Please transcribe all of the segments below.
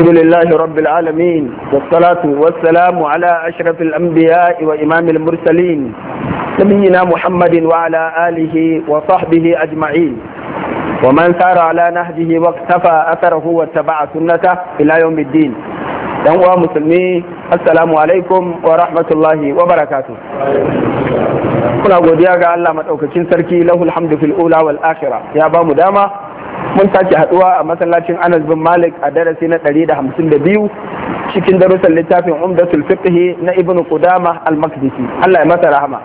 الحمد لله رب العالمين والصلاة والسلام على أشرف الأنبياء وإمام المرسلين نبينا محمد وعلى آله وصحبه أجمعين ومن سار على نهجه واقتفى أثره واتبع سنته إلى يوم الدين يوم مسلمي السلام عليكم ورحمة الله وبركاته kuna godiya ga Allah madaukakin sarki lahul hamdu fil ula wal akhirah ya ba mu dama mun sake haduwa a masallacin Anas bin Malik a darasi na 152 cikin darussan littafin Umdatul Fiqh na Ibn Qudamah Al-Maqdisi Allah ya masa rahama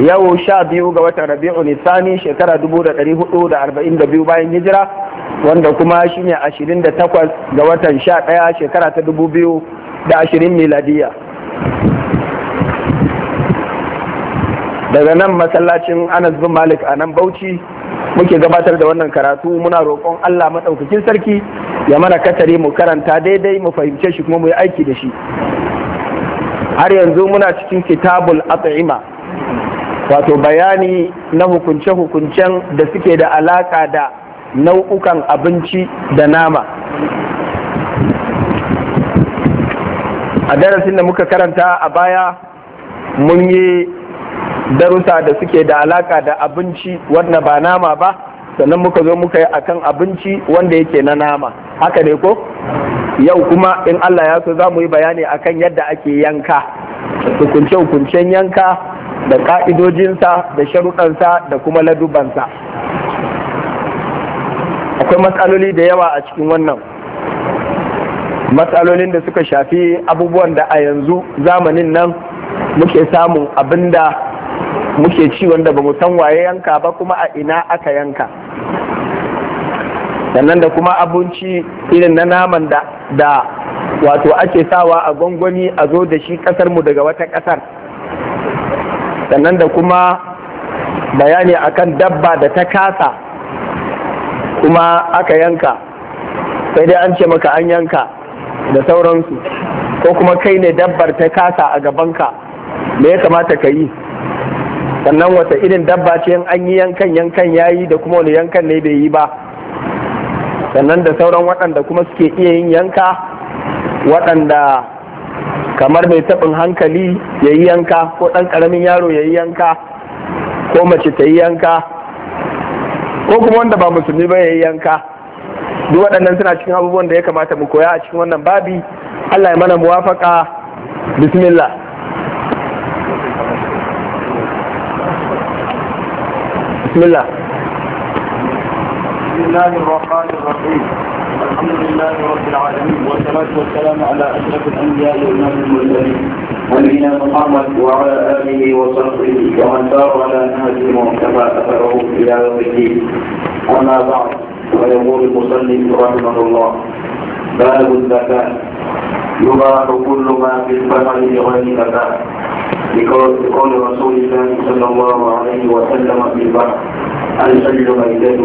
yau sha biyu ga watan Rabi'u Nisani shekara 1442 bayan hijira wanda kuma shine 28 ga watan 11 shekara ta 2020 miladiya daga nan masallacin Anas bin Malik a nan Bauchi muke gabatar da wannan karatu muna roƙon Allah maɗaukakin sarki ya mana katare mu karanta daidai mu fahimce shi kuma mu yi aiki da shi har yanzu muna cikin kitabul at'ima wato bayani na hukunce-hukuncen da suke da alaƙa da nau'ukan abinci da nama a darasin da muka karanta a baya mun yi darussa da suke da alaka da abinci wanda ba nama ba sannan muka zo muka yi akan abinci wanda yake na nama haka ne ko yau kuma in Allah ya so za mu yi bayani akan yadda ake yanka hukunce-hukuncen yanka da ka'idojinsa da sharuɗansa da kuma ladubansa akwai matsaloli da yawa a cikin wannan matsalolin da suka shafi abubuwan da a yanzu zamanin nan muke samun abin da muke ci wanda ba mu san waye yanka ba kuma a ina aka yanka sannan da kuma abinci irin na naman da da wato ake sawa a gwangwani a zo da shi kasar mu daga wata kasar sannan da kuma bayani akan dabba da ta kasa kuma aka yanka sai dai an ce maka an yanka da sauransu ko kuma kai ne dabbar ta kasa a gabanka me ya kamata ka yi sannan wata irin dabba ce an yi yankan yankan yi da kuma wani yankan ne bai yi ba sannan da sauran waɗanda kuma suke iya yin yanka waɗanda kamar mai taɓin hankali ya yi yanka ko ɗan ƙaramin yaro ya yi yanka ko mace ta yi yanka ko kuma wanda ba musulmi ba ya yi yanka duk waɗannan suna cikin abubuwan da ya kamata mu koya a cikin wannan babi allah ya mana muwafaka bismillah بسم الله بسم الله الرحمن الرحيم الحمد لله رب العالمين والصلاة والسلام على أشرف الأنبياء والنبي المرسلين ونبينا محمد وعلى آله وصحبه ومن سار على نهجه كما أثره إلى يوم الدين أما بعد فيقول المصلي رحمه الله باب الزكاة يباح كل ما في البقر لغير زكاة لقول رسول الله صلى الله عليه وسلم في البحر الحل إليه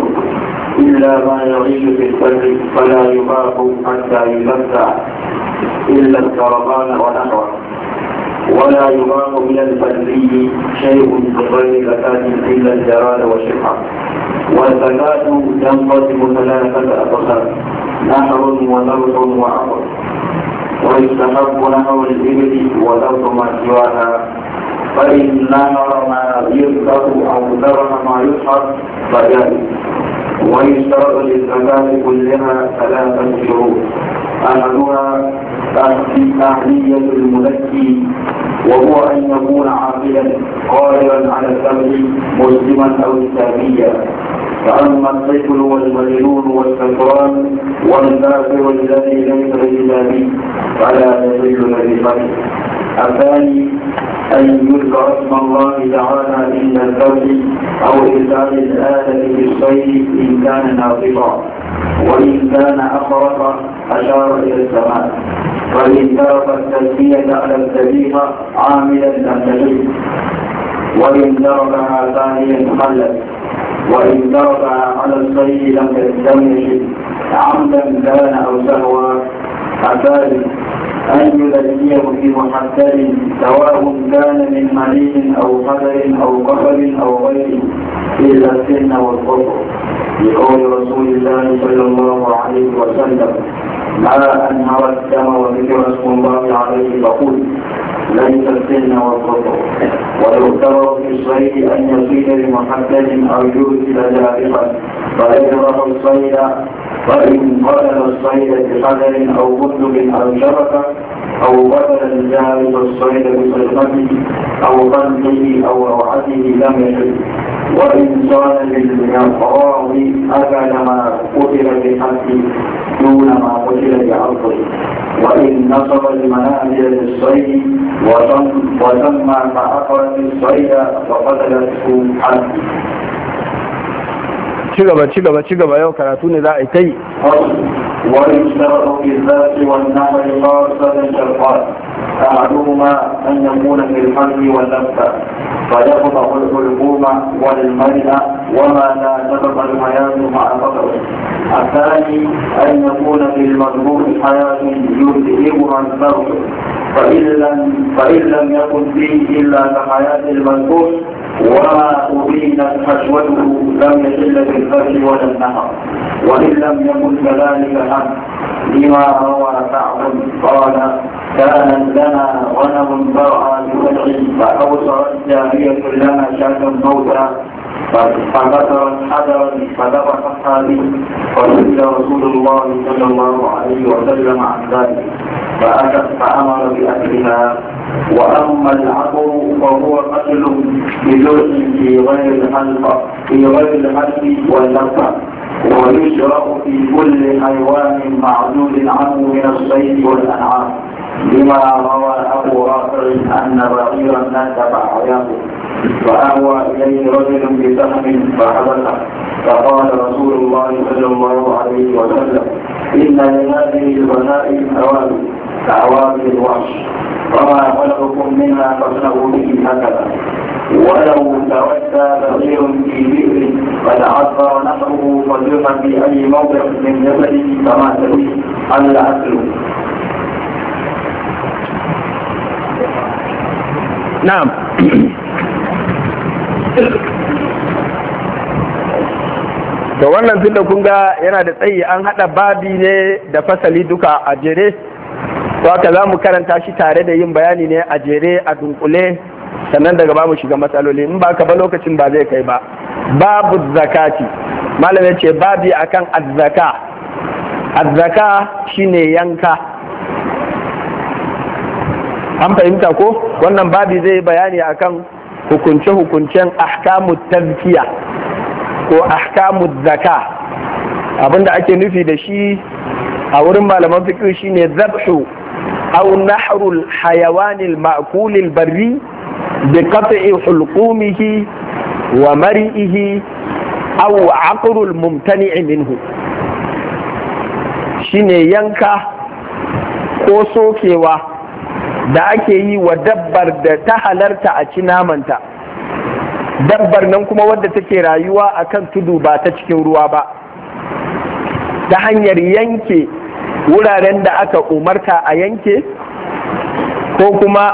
إلا ما يغيب في الفجر فلا يباح حتى يمتع إلا الكربان والأحوال ولا يباح من الفجري شيء بغير زكاة إلا الجراد والشحة والزكاة تنقسم ثلاثة أقسام نحر وذبح وعقل ويستحب نحو الإبل ولو ما سواها فإن نهر ما يذكر أو ذرم ما يصحب فجائز ويشترط للزكاة كلها ثلاثة شروط أحدها تحلية المزكي وهو أن يكون عاقلا قادرا على الذبح مسلما أو كتابيا فأما الطفل والمجنون والسكران والنافر الذي ليس بجنابي فلا يضل بفضله الثاني أن يذكر اسم الله تعالى عند الفرد أو إرسال الآلة بالخير إن كان ناطقا وإن كان أخرق أشار إلى السماء فإن ترك التزكية على الذبيحة عاملا لم تجد وإن تركها ثانيا خلت وإن ضرب على الخير لم يجد عمدا كان أو سهوا أفاد أن يلديه في محتل سواء كان من مليء أو قدر أو قبل أو غيره إلا السن والكفر لقول رسول الله صلى الله عليه وسلم ما أنهر الدم وذكر اسم الله عليه فقل ليس السن والكفر ولو ترى في الصيد أن يصيد لمحتل أو يرسل جارحا فيجرح الصيد فإن قتل الصيد بقدر أو بندق أو شبكة أو بدل الجار والصيد بصيغته أو قلبه أو روعته لم وإن وإنسان بالإقرار أكل ما قتل بحقه دون ما قتل بعرضه وإن نصب المنازل للصيد وتم وتم فأخرج الصيد فقتلته حقه ci gaba ci gaba ci gaba yau karatu ne za a yi ta yi الفضل ويشترط في الذات والنحر خاصة شرطان أحدهما أن يكون في الحمل واللفة فيقطع الحلقوم والمرئة وما لا تبقى الحياة مع فقره الثاني أن يكون في المذبوح حياة يذهبها الفرد فإن لم, فإن لم يكن فيه إلا كحياة المذبوح وما وأبينت فشوته لم يجل بالفجر ولا النهر وإن لم يكن كذلك عنه لما روى كعب قال كانت لنا غنم برعى بوجع فأوصرت جارية لنا شاة الموتى فبصرت حجرا فذبحتها به فسئل رسول الله صلى الله عليه وسلم عن ذلك فأتت فأمر بأكلها وأما العبر فهو قتل يرسل في غير الحلقة في غير الحلق واللقة ويشرع في كل حيوان معدود عنه من الصيد والأنعام لما روى أبو رافع أن بعيرا نتبع عياه فأهوى إليه رجل بسهم فحبسه فقال رسول الله صلى الله عليه وسلم إن لهذه الغنائم أوالي كأوامر الوحش وما خلقكم منها به هكذا ولو بغير في بئر قد نحره في اي موضع من جسده كما نعم da wannan tunda kun yana da tsayi an hada babi ne da fasali duka a jere haka za mu karanta shi tare da yin bayani ne a jere a dunkule sannan daga ba mu shiga matsaloli in ba ka ba lokacin ba zai kai ba babu zakati malam ya ce babi akan azzaka azzaka shine yanka an fahimta ko wannan babi zai bayani akan hukunce-hukuncen ahkamu tazkiya ko ahkamu zaka abinda ake nufi da shi a wurin malaman fiƙi shine zabhu أو نحر الحيوان المأكول البري بقطع حلقومه ومرئه أو عقر الممتنع منه shine yanka ko sokewa da ake yi wa dabbar da ta halarta a ci namanta dabbar nan kuma wadda take rayuwa akan tudu ba ta cikin ruwa ba ta hanyar yanke wuraren da aka umarta a yanke ko kuma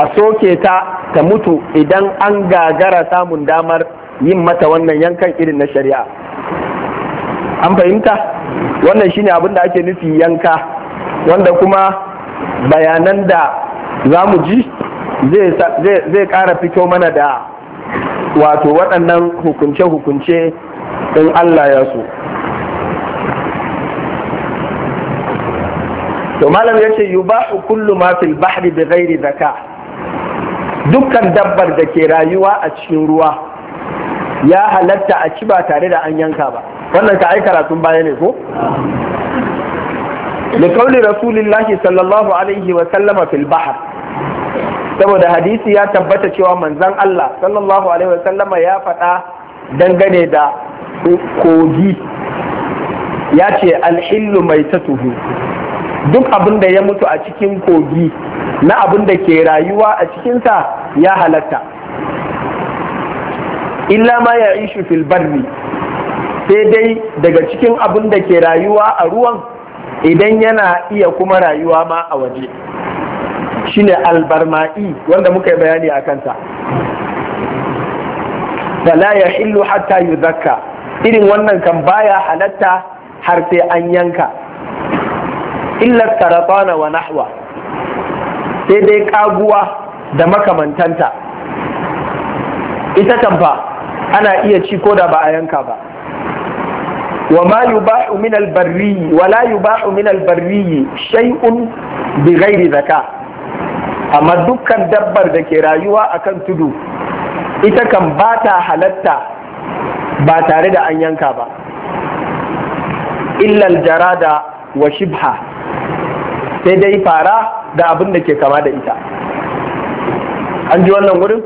a soke ta ta mutu idan an gagara samun damar yin mata wannan yankan irin na shari'a an fahimta wannan shine abin da ake nufi yanka wanda kuma bayanan da za mu ji zai ƙara fito mana da wato waɗannan hukunce-hukunce in Allah ya so. to malam ya ce yubahu kullu ma fil bahri bi ghairi zaka dukkan dabbar da ke rayuwa a cikin ruwa ya halatta a ci ba tare da an yanka ba wannan ka ai karatun baya ne ko rasulillahi sallallahu alaihi wa sallama fil bahr saboda hadisi ya tabbata cewa manzon Allah sallallahu alaihi wa sallama ya faɗa dangane da kogi ya ce alhillu mai tuhu duk abin da ya mutu a cikin kogi na abin da ke rayuwa a cikinsa ya halatta illa ma ya ishu fil barri sai dai daga cikin abin da ke rayuwa a ruwan idan yana iya kuma rayuwa ma a waje shine albarma'i wanda muka yi bayani a kanta. fala ya hillu hatta yuzakka irin wannan kan baya halatta har sai an yanka illar saratana wa nahwa sai dai kaguwa da makamantanta ita tamfa ana iya ci ko da ba a yanka ba wa ma yuba'u min albarri wa la min albarri shay'un bi ghairi zaka amma dukkan dabbar da ke rayuwa akan tudu ita kan ba ta halatta ba tare da an yanka ba illal jarada wa shibha sai dai fara da abin da ke kama da ita an ji wannan wurin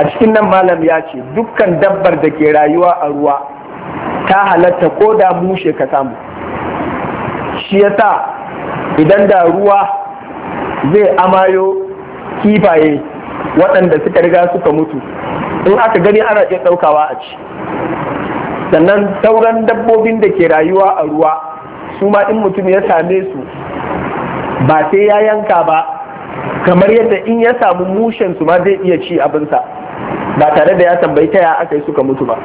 a cikin nan malam ya ce dukkan dabbar da ke rayuwa a ruwa ta halatta ko da mushe ka samu shi ya sa idan da ruwa zai amayo kifaye waɗanda suka riga suka mutu in aka gani ana iya ɗaukawa a ci sannan sauran dabbobin da ke rayuwa a ruwa su ma in mutum ya same su ba sai ya yanka ba kamar yadda in ya samu mushen su ma zai iya ci abinsa ba tare da ya tambayi ta ya aka yi suka mutu ba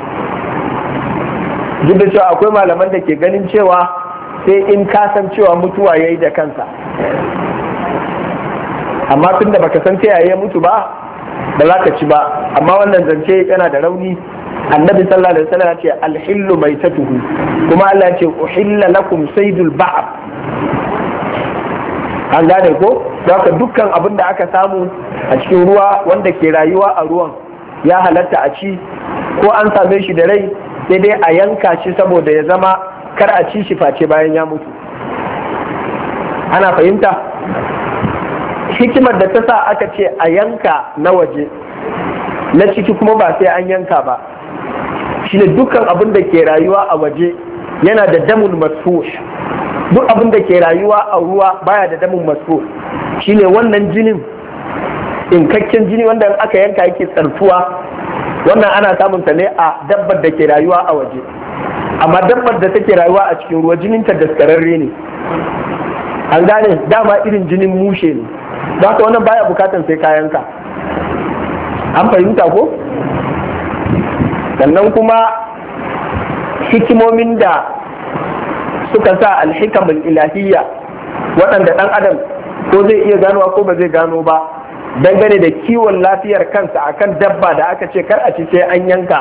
duk da cewa akwai malaman da ke ganin cewa sai in kasan cewa mutuwa ya yi da kansa amma tun da baka san ta ya mutu ba ba za ka ci ba amma wannan zance yana da rauni annabi sallallahu alaihi wasallam ya ce alhillu maitatuhu kuma Allah ya ce uhilla lakum saydul ba'ab an gane ko zaka dukkan abin da aka samu a cikin ruwa wanda ke rayuwa a ruwan ya halatta a ci ko an same shi da rai sai dai a yanka shi saboda ya zama kar a ci shi face bayan ya mutu ana fahimta hikimar da ta sa aka ce a yanka na waje na ciki kuma ba sai an yanka ba shine dukkan abin da ke rayuwa a waje yana da damul masfush duk abin da ke rayuwa a ruwa baya da damin masu shine wannan jinin inkakken jini wanda aka yanka yake tsarfuwa wannan ana samun ta ne a dabbar da ke rayuwa a waje amma dabbar da take rayuwa a cikin ruwa jinin ta daskararre ne an gane dama irin jinin mushe ne don ka wannan baya bukatan sai kayanka an fahimta ko sannan kuma hikimomin da suka sa alhikamul ilahiyya waɗanda ɗan adam ko zai iya ganowa ko ba zai gano ba dangane da kiwon lafiyar kansa akan dabba da aka ce kar a ci sai an yanka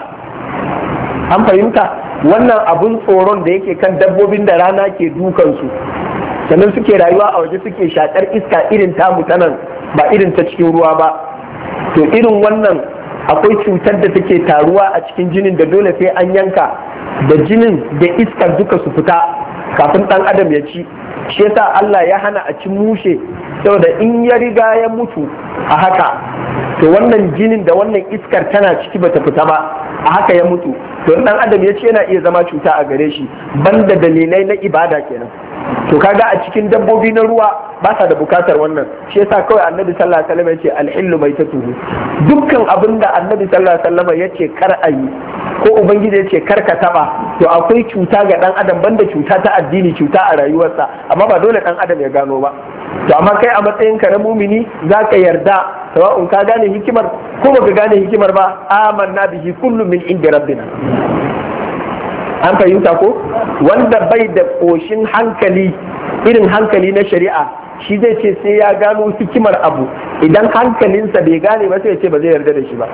an fahimta wannan abun tsoron da yake kan dabbobin da rana ke dukansu sannan suke rayuwa a waje suke shakar iska irin tamu ta nan ba irin ta cikin ruwa ba to irin wannan akwai cutar da take taruwa a cikin jinin da dole sai an yanka da jinin da iskar duka su fita kafin ɗan adam ya ci shi yasa Allah ya hana a ci mushe saboda in ya riga ya mutu a haka to wannan jinin da wannan iskar tana ciki bata fita ba a haka ya mutu to ɗan adam ya ci yana iya zama cuta a gare shi banda dalilai na ibada kenan to kaga a cikin dabbobi na ruwa ba sa da bukatar wannan shi yasa kawai annabi sallallahu alaihi wasallam yace alhillu mai tatuhu dukkan abinda annabi sallallahu alaihi wasallam yace kar ayi ko ubangiji yace kar ka taba to akwai cuta ga dan adam banda cuta ta addini cuta a rayuwarsa amma ba dole dan adam ya gano ba to amma kai a matsayin ka na mumini zaka yarda sawa'un ka gane hikimar ko baka gane hikimar ba amanna bihi kullu min inda rabbina an fahimta ko wanda bai da koshin hankali irin hankali na shari'a shi zai ce sai ya gano hikimar abu idan hankalinsa bai gane ba sai ya ce ba zai yarda da shi ba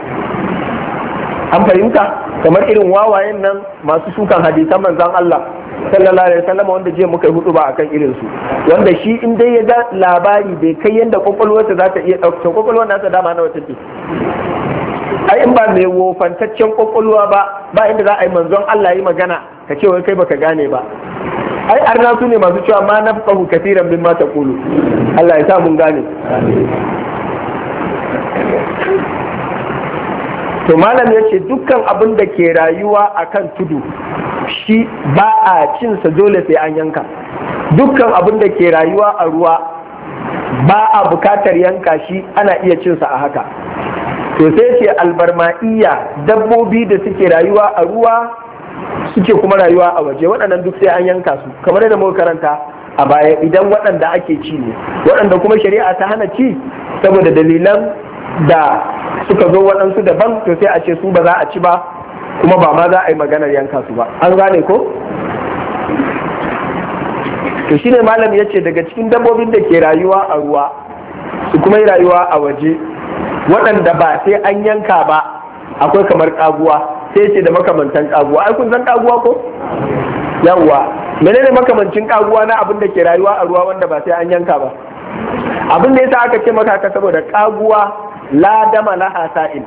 an fahimta kamar irin wawayen nan masu sukan hadisan manzan Allah sallallahu alaihi wasallam wanda jiya muka yi hudu ba akan irin su wanda shi in dai ya ga labari bai kai yanda kwakwalwarsa za ta iya ɗauka kwakwalwar nasa dama na wata ce ai in ba mai wofantaccen kwakwalwa ba ba inda za a yi manzon Allah yi magana ka ce wani kai baka gane ba ai arna su ne masu cewa ma kafiran bin mata kulu, Allah ya sa mun gane to malam ya ce dukkan abin da ke rayuwa akan tudu shi ba a cinsa dole sai an yanka dukkan abin da ke rayuwa a ruwa ba a bukatar yanka shi ana iya cinsa a haka to sai ce albarmaiya dabbobi da suke rayuwa a ruwa suke kuma rayuwa a waje waɗannan duk sai an yanka su kamar yadda muka karanta a baya idan waɗanda ake ci ne waɗanda kuma shari'a ta hana ci saboda dalilan da suka zo waɗansu daban to sai a ce su ba za a ci ba kuma ba ma za a yi maganar yanka su ba an gane ko to shine malam ya ce daga cikin dabbobin da ke rayuwa a ruwa su kuma yi rayuwa a waje waɗanda ba sai an yanka ba akwai kamar kaguwa sai ce da makamantan kaguwa ai kun san kaguwa ko yawwa menene makamancin kaguwa na abin da ke rayuwa a ruwa wanda ba sai an yanka ba abin da yasa aka ce maka haka saboda ƙaguwa la dama la hasa'in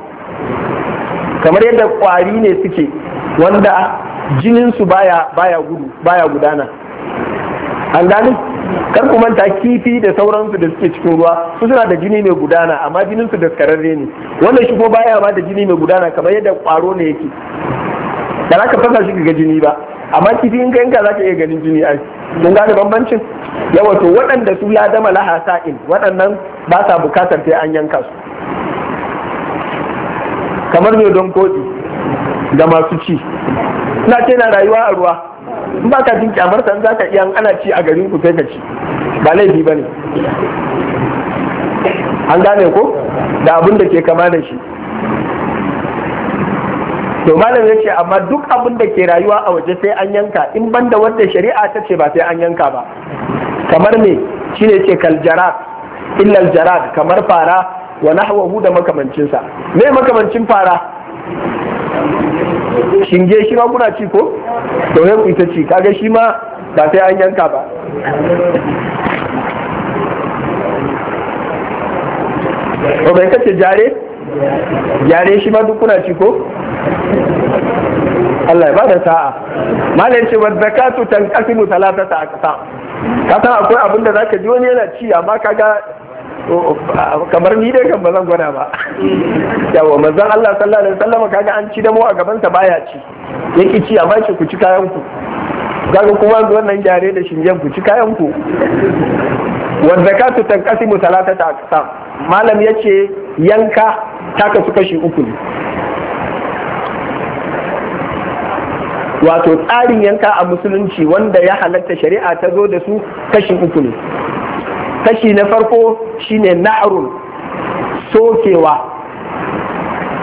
kamar yadda kwari ne suke wanda jininsu baya baya gudu baya gudana an gani kar ku manta kifi da sauransu da suke cikin ruwa su suna da jini mai gudana amma jinin su daskararre ne wannan shi ko baya ma da jini mai gudana kamar yadda kwaro ne yake da zaka fasa shi ga jini ba amma kifi in ka yanka zaka iya ganin jini ai mun gane bambancin yawa to waɗanda su ya dama laha sa'in waɗannan ba sa bukatar sai an yanka su kamar mai don koɗi da masu ci na ce na rayuwa a ruwa in ba ka jin kyamar ta za ka iya ana ci a garin ku sai ka ci ba laifi ba ne an gane ko da abin da ke kama da shi to malam ya ce amma duk abin da ke rayuwa a waje sai an yanka in banda wanda shari'a ta ce ba sai an yanka ba kamar me shine ce kaljarat illal jarad kamar fara wa nahwahu da makamancinsa me makamancin fara shinge shi ma kuna ci ko to sai ku ita ci kaga shi ma ba sai an yanka ba to bai kace jare jare shi ma duk kuna ci ko Allah ya ba da sa'a malam ce wa zakatu tanqasimu thalathata aqsam ka san akwai abin da zaka ji wani yana ci amma kaga kamar ni dai kan ba zan gwada ba yawa manzon Allah sallallahu alaihi wasallam kaga an ci da mu a gaban sa baya ci yake ci a bashi ku ci kayan ku kaga kuma wannan gyare da shingen ku ci kayan ku wa zakatu tanqasimu salatata aqsam malam yace yanka taka su kashi uku ne wato tsarin yanka a musulunci wanda ya halatta shari'a ta zo da su kashi uku ne kashi na farko shine na'arun sokewa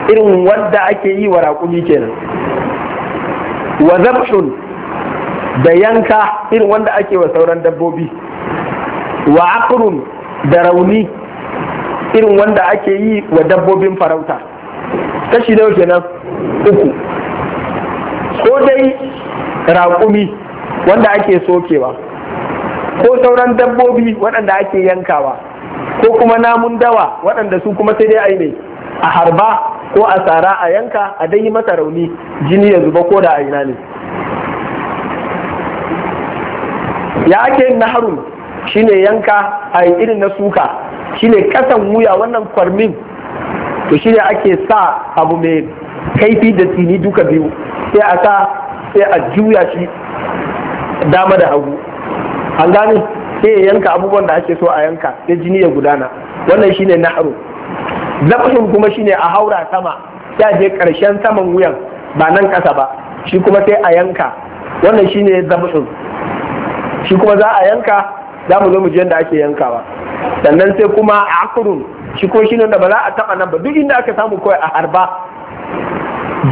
irin wanda ake yi wa raƙumi kenan wa zabhun da yanka irin wanda ake wa sauran dabbobi wa da rauni irin wanda ake yi wa dabbobin farauta kashi nawa kenan uku ko dai raƙumi wanda ake sokewa ko sauran dabbobi waɗanda ake yankawa ko kuma namun dawa waɗanda su kuma sai dai a yi ne a harba ko a tsara a yanka a dai masa rauni jini ya zuba ko da a ina ne ya ake yin naharun shine yanka a irin na suka shine kasan wuya wannan kwarmin to shine ake sa abu mai kaifi da tsini duka biyu sai a sa sai a juya shi dama da hagu an gane sai ya yanka abubuwan da ake so a yanka sai jini ya gudana wannan shine nahru zafin kuma shine a haura sama ya je karshen saman wuyan ba nan kasa ba shi kuma sai a yanka wannan shine zafin shi kuma za a yanka za mu zo mu ji yadda ake yankawa sannan sai kuma a akurun shi shi shine da ba za a taba nan ba duk inda aka samu kawai a harba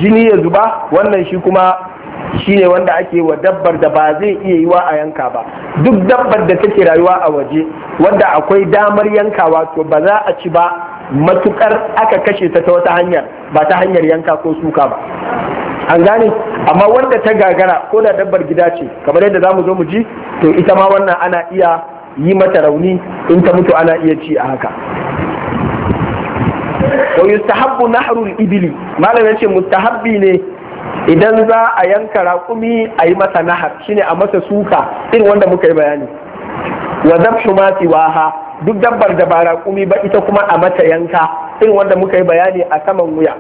jini ya zuba wannan shi kuma Shi ne wanda ake wa dabbar da ba zai iya yi wa a yanka ba duk dabbar da take rayuwa a waje wanda akwai damar yankawa to ba za a ci ba matukar aka kashe ta ta wata hanyar ba ta hanyar yanka ko suka ba an gane amma wanda ta gagara ko da dabbar gida ce kamar yadda mu zo mu ji to ita ma wannan ana iya yi mata rauni in ta mutu ana iya ci a haka wa yustahabbu nahrul ibili malam yace mustahabbi ne idan za a yanka raƙumi a yi masa nahar shine a masa suka irin wanda muka yi bayani wa zabshu ma siwaha duk dabbar da ba raƙumi ba ita kuma a mata yanka irin wanda muka yi bayani a saman wuya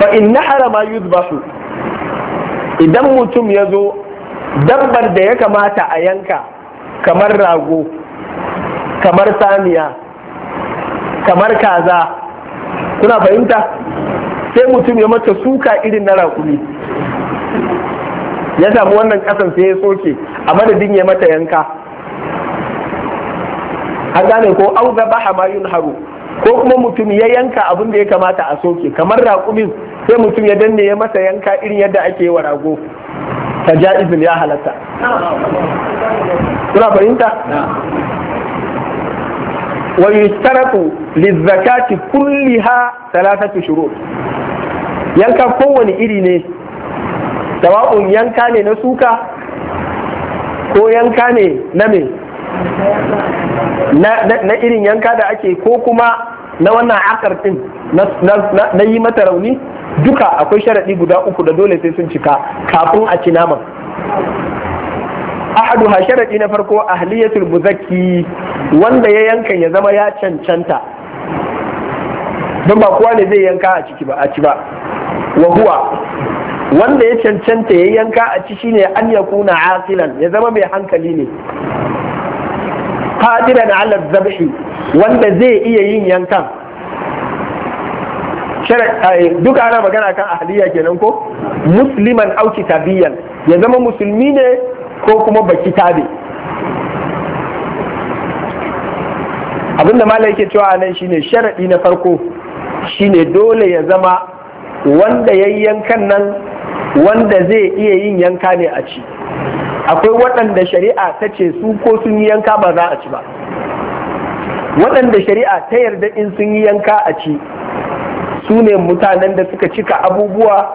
fa in nahara ma yuzbahu idan mutum ya zo dabbar da ya kamata a yanka kamar rago kamar saniya kamar kaza kuna fahimta sai mutum ya mata suka irin na raƙumi ya samu wannan kasan sai ya soke a madadin ya mata yanka an gane ko au ga baha ma yun haru ko kuma mutum ya yanka abin da ya kamata a soke kamar rakumin sai mutum ya danne ya mata yanka irin yadda ake wa rago ta ja'izin ya halatta kuna fahimta wa yustaratu lizzakati kulliha thalathatu shurut yanka kowane iri ne tawa'un yanka ne na suka ko yanka ne na me na irin yanka da ake ko kuma na wannan akarfin na yi mata rauni duka akwai sharaɗi guda uku da dole sai sun cika kafin a ci naman ahadu ha sharaɗi na farko ahliyatul buzaki wanda ya yanka ya zama ya cancanta don ba kowa ne zai yanka a ciki ba a ci ba wa huwa wanda ya cancanta ya yanka a ci shine an ya kuna asilan ya zama mai hankali ne Hadiran ala zabhi wanda zai iya yin yankan eh, duka ana magana kan ahliya kenan ko musliman au kitabiyan ya zama musulmi ne ko kuma baki tabi abinda malai yake cewa nan shine sharadi na farko shine dole ya zama wanda ya yankan nan wanda zai iya yin yanka ne a ci akwai waɗanda shari'a ta ce su ko sun yi yanka ba za a ci ba waɗanda shari'a ta yarda in sun yi yanka a ci su ne mutanen da suka cika abubuwa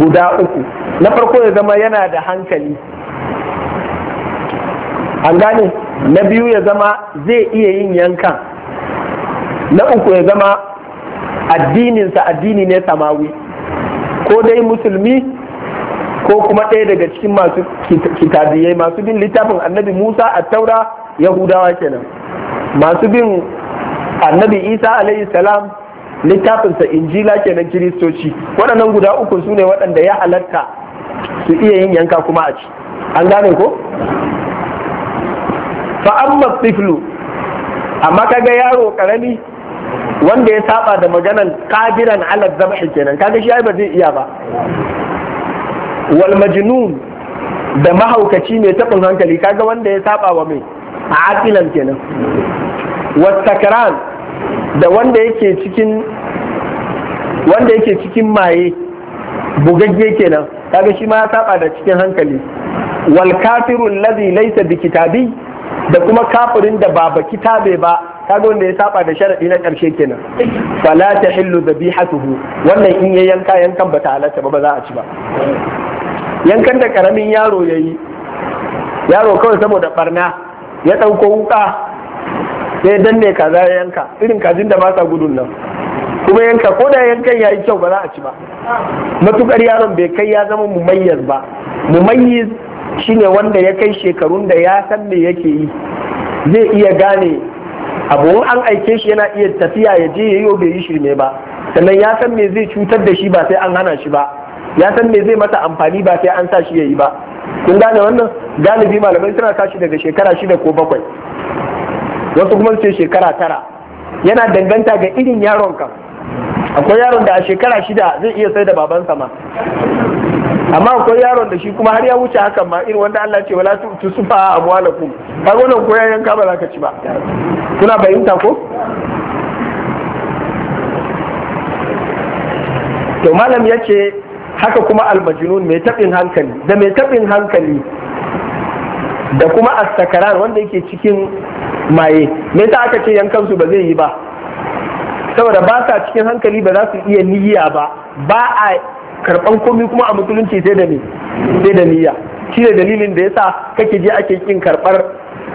guda uku na farko ya zama yana da hankali an gane na biyu ya zama zai iya yin yankan na uku ya zama addininsa addini ne samawi ko dai musulmi ko kuma ɗaya daga cikin masu kitabiyai masu bin littafin annabi musa a taura yahudawa kenan masu bin annabi isa alayhi salam littafinsa injila kenan kiristoci waɗannan guda uku su ne waɗanda ya halatta su iya yin yanka kuma a ci an gane ko fa amma tiflu amma kaga yaro karami wanda ya saba da maganan kabiran alad zabahi kenan kaga shi ai ba zai iya ba wal majnun da mahaukaci mai tabin hankali kaga wanda ya saba wa mai aqilan kenan wa takran da wanda yake cikin wanda yake cikin maye bugagge kenan kaga shi ma ya saba da cikin hankali wal kafirul ladhi laysa bi kitabi da kuma kafirin da ba ba kitabe ba kaga wanda ya saba da sharadi na karshe kenan fala hillu dhabihatuhu wannan in ya yanka yankan bata halatta ba ba za a ci ba yankan da karamin yaro yayi yaro kawai saboda barna ya dauko wuka sai danne kaza ya yanka irin kajin da ba sa gudun nan kuma yanka ko da yankan yayi kyau ba za a ci ba matukar yaron bai kai ya zama mumayyiz ba mumayyiz shine wanda ya kai shekarun da ya san me yake yi zai iya gane abu an aike shi yana iya tafiya ya je yayi bai yi shirme ba sannan ya san me zai cutar da shi ba sai an hana shi ba ya san me zai masa amfani ba sai an sa shi ya yi ba kun gane wannan galibi malamai suna shi daga shekara shida ko bakwai wasu kuma ce shekara tara yana danganta ga irin yaron kan akwai yaron da a shekara shida zai iya sai da babansa ma amma akwai yaron da shi kuma har ya wuce hakan ma irin wanda Allah ce wala tu sufa amwalakum ba gona ko yayan ka ba za ka ci ba kuna fahimta ko to malam yace haka kuma almajnun mai tabin hankali da mai tabin hankali da kuma astakarar wanda yake cikin maye me yasa aka ce yankan su ba zai yi ba saboda ba sa cikin hankali ba za su iya niyya ba ba a karban komi kuma a musulunci sai da niyya shi ne dalilin da yasa kake je ake kin karbar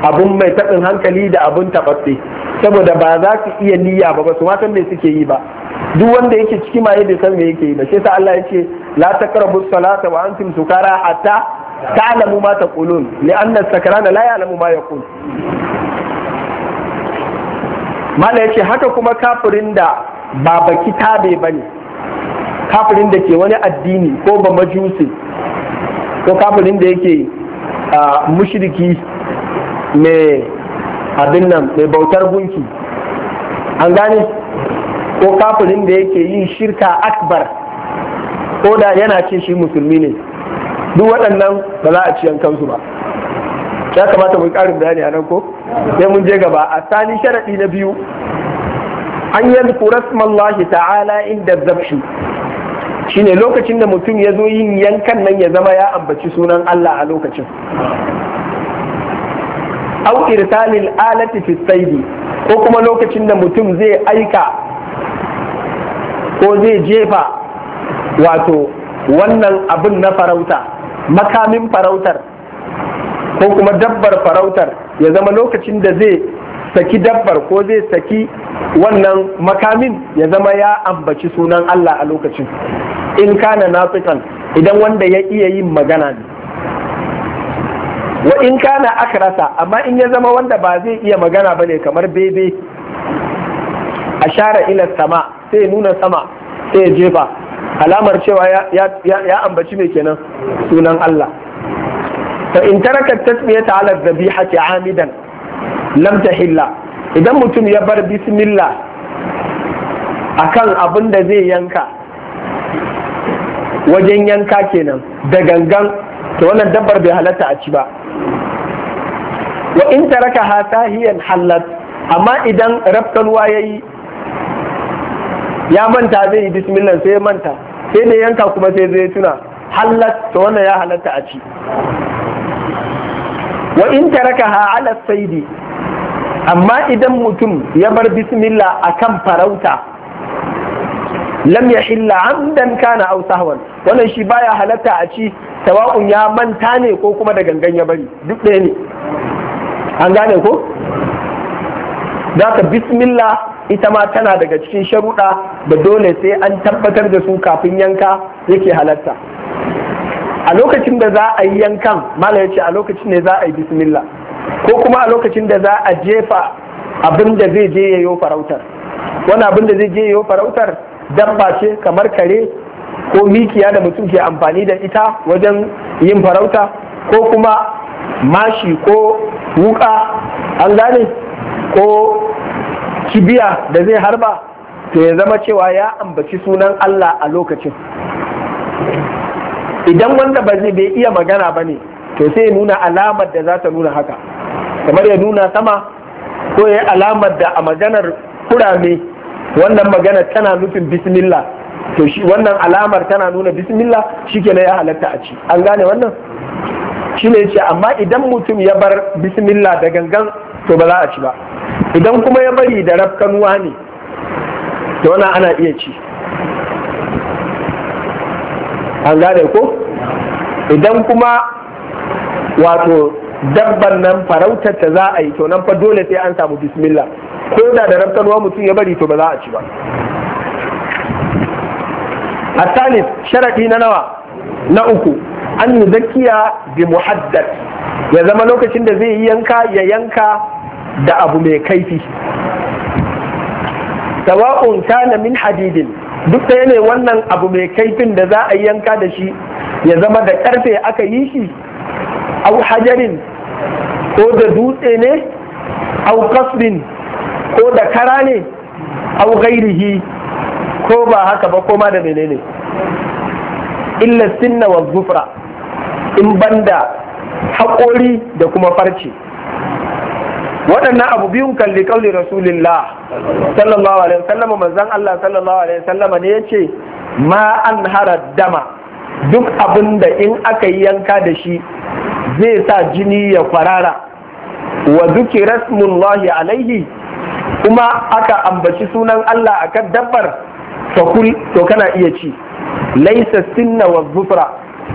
abun mai taɓin hankali da abun taɓaɓɓe saboda ba za su iya niyya ba ba su matan me suke yi ba duk wanda yake ciki ma yadda san me yake yi ba shi sa Allah yace la taqrabu salata wa antum sukara hatta ta'lamu ma taqulun li anna sakrana la ya'lamu ma yaqul mala yace haka kuma kafirin da ba baki tabe bane kafirin da ke wani addini ko ba majusi ko kafirin da yake mushriki mai abin nan mai bautar gunki an gane ko kafirin da yake yin shirka akbar ko da yana ce shi musulmi ne duk waɗannan ba za a ci kansu ba ya kamata mu ƙarin bayani a nan ko sai mun je gaba a sani sharaɗi na biyu an yanku rasmallahi ta'ala inda zafshi shine lokacin da mutum ya zo yin yankan nan ya zama ya ambaci sunan Allah a lokacin au irsalil alati fi saidi ko kuma lokacin da mutum zai aika ko zai jefa wato wannan abin na farauta makamin farautar ko kuma dabbar farautar ya zama lokacin da zai saki dabbar ko zai saki wannan makamin ya zama ya ambaci sunan Allah a lokacin in kana nasikan idan wanda ya iya yin magana ne wa in kana akrasa amma in ya zama wanda ba zai iya magana ba ne kamar bebe share ila sama sai nuna sama sai jefa alamar cewa ya ambaci mai kenan sunan Allah fa in taraka tasmiyata ala dhabihati amidan lam tahilla idan mutum ya bar bismillah akan abin da zai yanka wajen yanka kenan da gangan to wannan dabbar bai halatta a ci ba wa in taraka ha tahiyan halat amma idan rabtan yayi ya manta zai yi bismillah sai ya manta sai da yanka kuma sai zai tuna halat to wannan ya halatta a ci wa in taraka ha ala saidi amma idan mutum ya bar bismillah kan farauta lamya ya hilla amdan kana aw sahwan wannan shi baya halatta a ci tawaun ya manta ne ko kuma da gangan ya bari duk ɗaya ne an gane ko ka bismillah ita ma tana daga cikin sharuɗa da dole sai an tabbatar da su kafin yanka yake halatta a lokacin da za a yi yankan malam ya ce a lokacin ne za a yi bismillah ko kuma a lokacin da za a jefa abin da zai je yayo farautar wani abin da zai je yayo farautar dabba ce kamar kare ko mikiya da mutum ke amfani da ita wajen yin farauta ko kuma mashi ko wuka an gane ko kibiya da zai harba to ya zama cewa ya ambaci sunan Allah a lokacin idan wanda ba zai bai iya magana ba ne to sai nuna alamar da za ta nuna haka kamar ya nuna sama ko ya alamar da a maganar kurame wannan magana tana nufin bismillah to shi wannan alamar tana nuna bismillah shike ya halatta a ci an gane wannan shi ne ce amma idan mutum ya bar bismillah da gangan to ba za a ci ba idan kuma ya bari da rafkanuwa ne to wannan ana iya ci an gane ko idan kuma wato dabban nan farautar ta za a yi to nan fa dole sai an samu bismillah ko da da rabtanwa mutum ya bari to ba za a ci ba الثالث شرطي نوى نأكو أن zakiya بمحدد ya zama lokacin da zai yanka ya yanka da abu mai kaifi sawa'un kana min hadidin duk sai ne wannan abu mai kaifin da za a yanka da shi ya zama da karfe aka yi shi au hajarin ko da dutse ne au kasbin ko da kara ne au gairihi ko ba haka ba ko ma da menene illa sinna wa zufra in banda haƙori da kuma farce waɗannan abu biyun kalli kalli rasulillah sallallahu alaihi wasallam manzon Allah sallallahu alaihi wasallam ne yace ma an hara dama duk abin da in aka yi yanka da shi zai sa jini ya kwarara wa duki rasmullahi alaihi kuma aka ambaci sunan Allah a kan dabbar fakul to kana iya ci laisa sinna wa zufra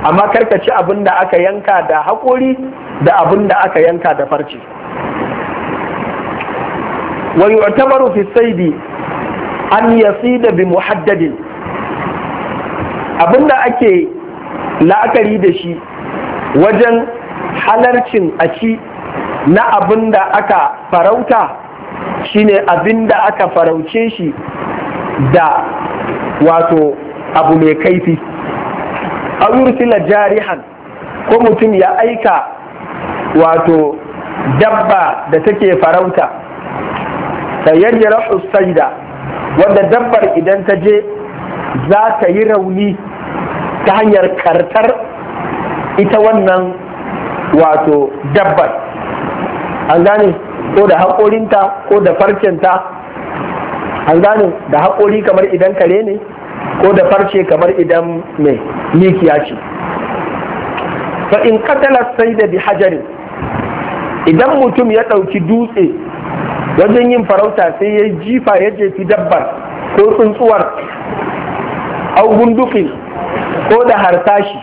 amma karka ci abin da aka yanka da haƙori da abin da aka yanka da farce wa yu'tabaru fi saidi an yasida bi muhaddadin Abin da ake la'akari da shi wajen halarcin a ci na abin da aka farauta shine abin da aka farauce shi da wato abu mai kaifi aursila jarihan ko mutum ya aika wato dabba da take farauta sayyar saida wanda dabbar idan ta je za ta yi rauni ta hanyar kartar ita wannan wato dabbar an gane ko da haƙorinta ko da farcinta an gane da haƙori kamar idan kare ne ko da farce kamar idan mai mikiya ce fa in katala sai da bi hajarin idan mutum ya ɗauki dutse wajen yin farauta sai ya jifa ya jefi dabbar ko tsuntsuwar au gundukin ko da harsashi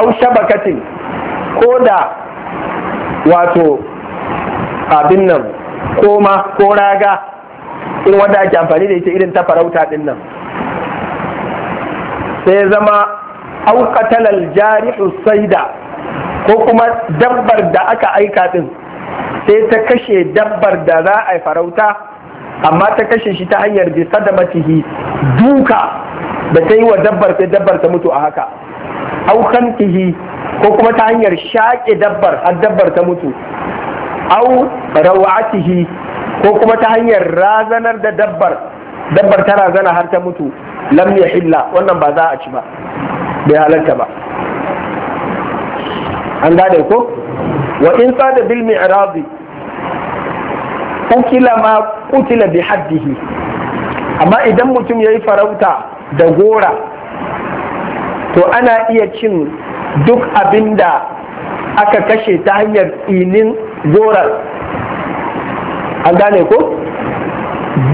au shabakatin ko da wato abin nan koma ko raga in wanda ake amfani da ita irin ta farauta din nan sai zama auƙatalar jari'u saida ko kuma dabbar da aka aika din sai ta kashe dabbar da za a farauta amma ta kashe shi ta hanyar bi sadamatihi duka da ta yi wa dabbar sai dabbar ta mutu a haka au khanqihi ko kuma ta hanyar shaƙe dabbar har dabbar ta mutu au rawatihi ko kuma ta hanyar razanar da dabbar dabbar tana razana har ta mutu lam hilla wannan ba za a ci ba bai halarta ba an gane ko wa in sada bil mi'radi ukila ma qutila bi haddihi amma idan mutum yayi farauta da gora to ana iya cin duk abinda aka kashe ta hanyar inin gorar an gane ko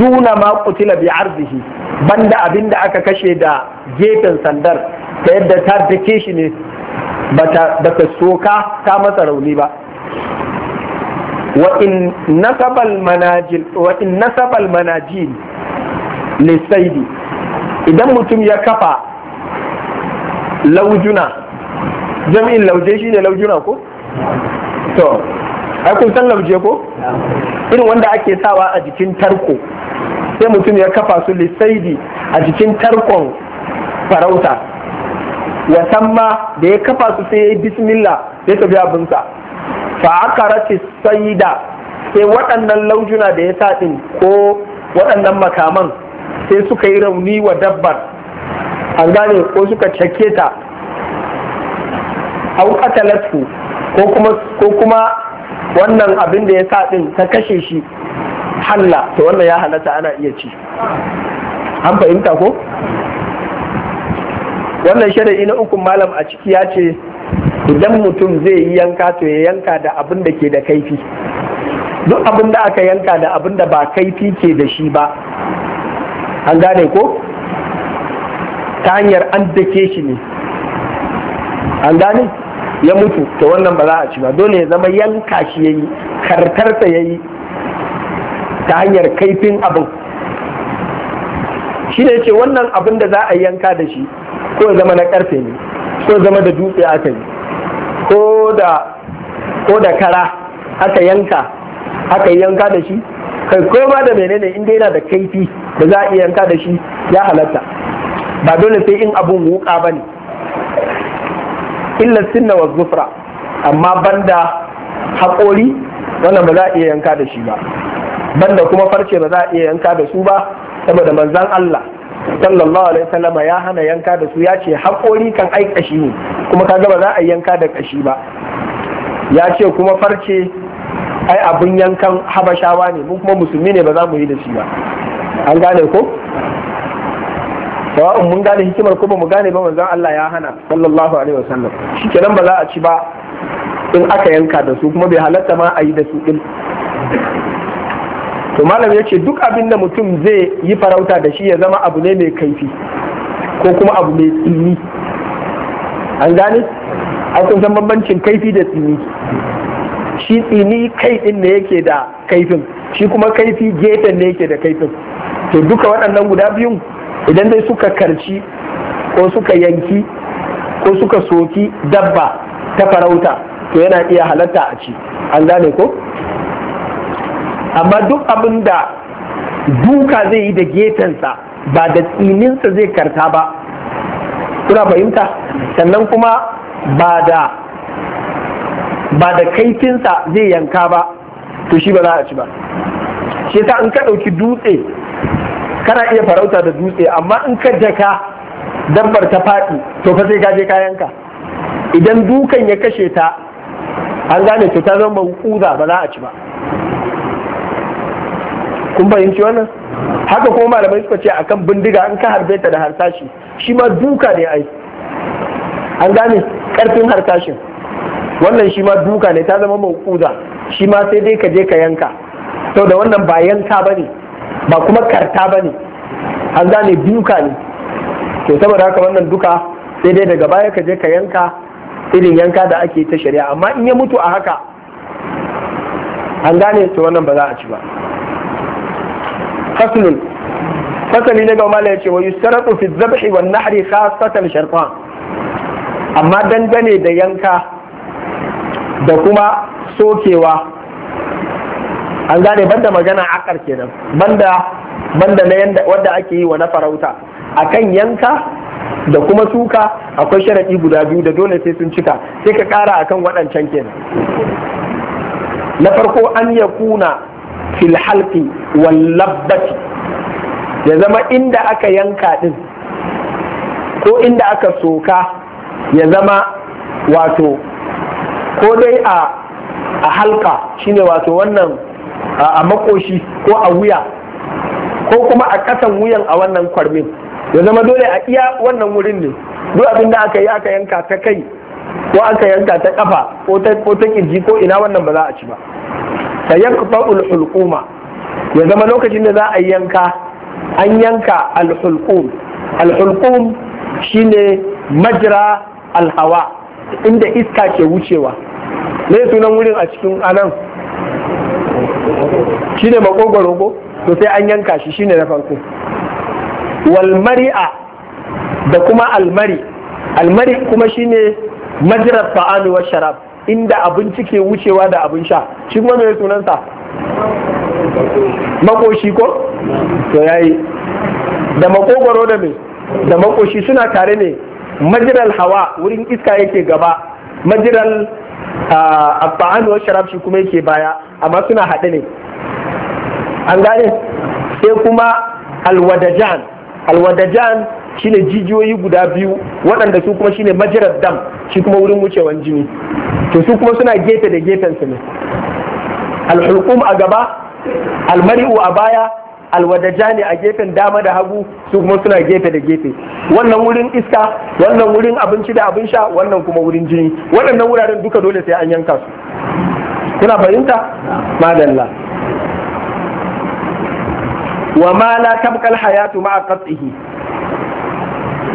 duna ma qutila bi arzihi banda abinda aka kashe da gefen sandar ta yadda ta dake shi ne ba ta soka ta masa rauni ba wa in nasabal manajil lissaidi, idan mutum ya kafa laujuna jami'in lauje shi ne laujuna ko to ai kun san lauje ko irin wanda ake sawa a jikin tarko sai mutum ya kafa su lissaidi a jikin tarkon farauta wasan ma da ya kafa su sai ya yi bismillah ya tafi abinsa fa aka sayda sai waɗannan laujuna da ya sa ko waɗannan makaman sai suka yi rauni wa dabbar an gane ko suka cake ta au qatalatu ko kuma ko kuma wannan abin da ya sa ta kashe shi halla to wannan ya halatta ana iya ci an fahimta ko wannan shari'i na ukun malam a ciki ya ce idan mutum zai yi yanka to ya yanka da abin da ke da kaifi duk abin da aka yanka da abin da ba kaifi ke da shi ba an gane ko ta hanyar an dake shi ne an gane ya mutu to wannan ba za a ci ba dole ya zama yanka shi ya yi kartarsa ya yi ta hanyar kaifin abin shi ne ce wannan abin da za a yanka da shi ko ya zama na karfe ne ko zama da dutse aka yi ko da kara aka yanka aka yanka da shi kai ko ma da menene inda yana da kaifi da za a iya yanka da shi ya halatta ba dole sai in abun wuka ba ne illa sinna wa zufra amma banda haƙori wannan ba za a iya yanka da shi ba banda kuma farce ba za a iya yanka da su ba saboda manzan Allah sallallahu alaihi wasallama ya hana yanka da su ya ce haƙori kan ai shi ne kuma kaga ba za a yanka da kashi ba ya ce kuma farce ai abin yankan habashawa ne mu kuma musulmi ne ba za mu yi da shi ba an gane ko sawa mun gane hikimar ko ba mu gane ba manzon Allah ya hana sallallahu alaihi wasallam shikenan ba za a ci ba in aka yanka da su kuma bai halatta ma a yi da su din to malam ya ce duk abin da mutum zai yi farauta da shi ya zama abu ne mai kaifi ko kuma abu mai tsini an gane a san bambancin kaifi da tsini shi tsini kai din ne yake da kaifin shi kuma kaifi gefen ne yake da kaifin to duka waɗannan guda biyun idan dai suka karci ko suka yanki ko suka soki dabba ta farauta to yana iya halatta a ci an gane ko amma duk abin da duka zai yi da getansa ba da tsininsa zai karta ba kuna fahimta sannan kuma ba da ba da kaifinsa zai yanka ba to shi ba za a ci ba shi yasa in ka ɗauki dutse kana iya farauta da dutse amma in ka jaka dabbar ta faɗi to fa sai ka je ka yanka idan dukan ya kashe ta an gane to ta zama kuza ba za a ci ba kun fahimci wannan haka kuma malamai suka ce akan bindiga an ka harbe ta da harsashi shi ma duka ne ai an gane karfin harsashin, wannan shi ma duka ne ta zama maukuda shi ma sai dai ka je ka yanka sau da wannan ba yanka ba ne ba kuma karta ba ne an gane duka ne to saboda haka wannan duka sai dai daga baya ka je ka yanka irin yanka da ake ta shari'a amma in ya mutu a haka an gane to wannan ba za a ci ba faslun فصل na gama ya ce wa yustaratu fi wa wan nahri khassatan shartan amma dangane da yanka da kuma sokewa an gane banda magana akar kenan banda banda na yanda wanda ake yi wa na farauta akan yanka da kuma suka akwai sharadi guda biyu da dole sai sun cika sai ka ƙara akan waɗancan kenan na farko an ya kuna fil halki wal labbati ya zama inda aka yanka din ko inda aka soka ya zama wato ko dai a a halka shine wato wannan a makoshi ko a wuya ko kuma a kasan wuyan a wannan kwarmin ya zama dole a iya wannan wurin ne duk abin da aka yi aka yanka ta kai ko aka yanka ta kafa ko ta kirji ko ina wannan ba za a ci ba fa yaqta'u al-hulquma ya zama lokacin da za a yanka an yanka al-hulqum al-hulqum shine majra al-hawa inda iska ke wucewa ne sunan wurin a cikin anan shine makogoro ko to sai an yanka shi shine na farko wal mari'a da kuma almari almari kuma shine majra ta'ami wa sharab inda abinci ke wucewa da abin sha shi kuma mai sunansa makoshi ko to yayi da makogoro da mai da makoshi suna tare ne majiral hawa wurin iska yake gaba majiral abba'an wa sharab shi kuma yake baya amma suna haɗe ne an gane sai kuma alwadajan alwadajan shine jijiyoyi guda biyu waɗanda su kuma shine majiral dam shi kuma wurin wucewan jini to su kuma suna gefe da gefen su ne alhulqum a gaba almari'u a baya alwadajani a gefen dama da hagu su kuma suna gefe da gefe wannan wurin iska wannan wurin abinci da abin sha wannan kuma wurin jini waɗannan wuraren duka dole sai an yanka su kuna fahimta madalla wa ma la tabqal hayatu ma'a qat'ihi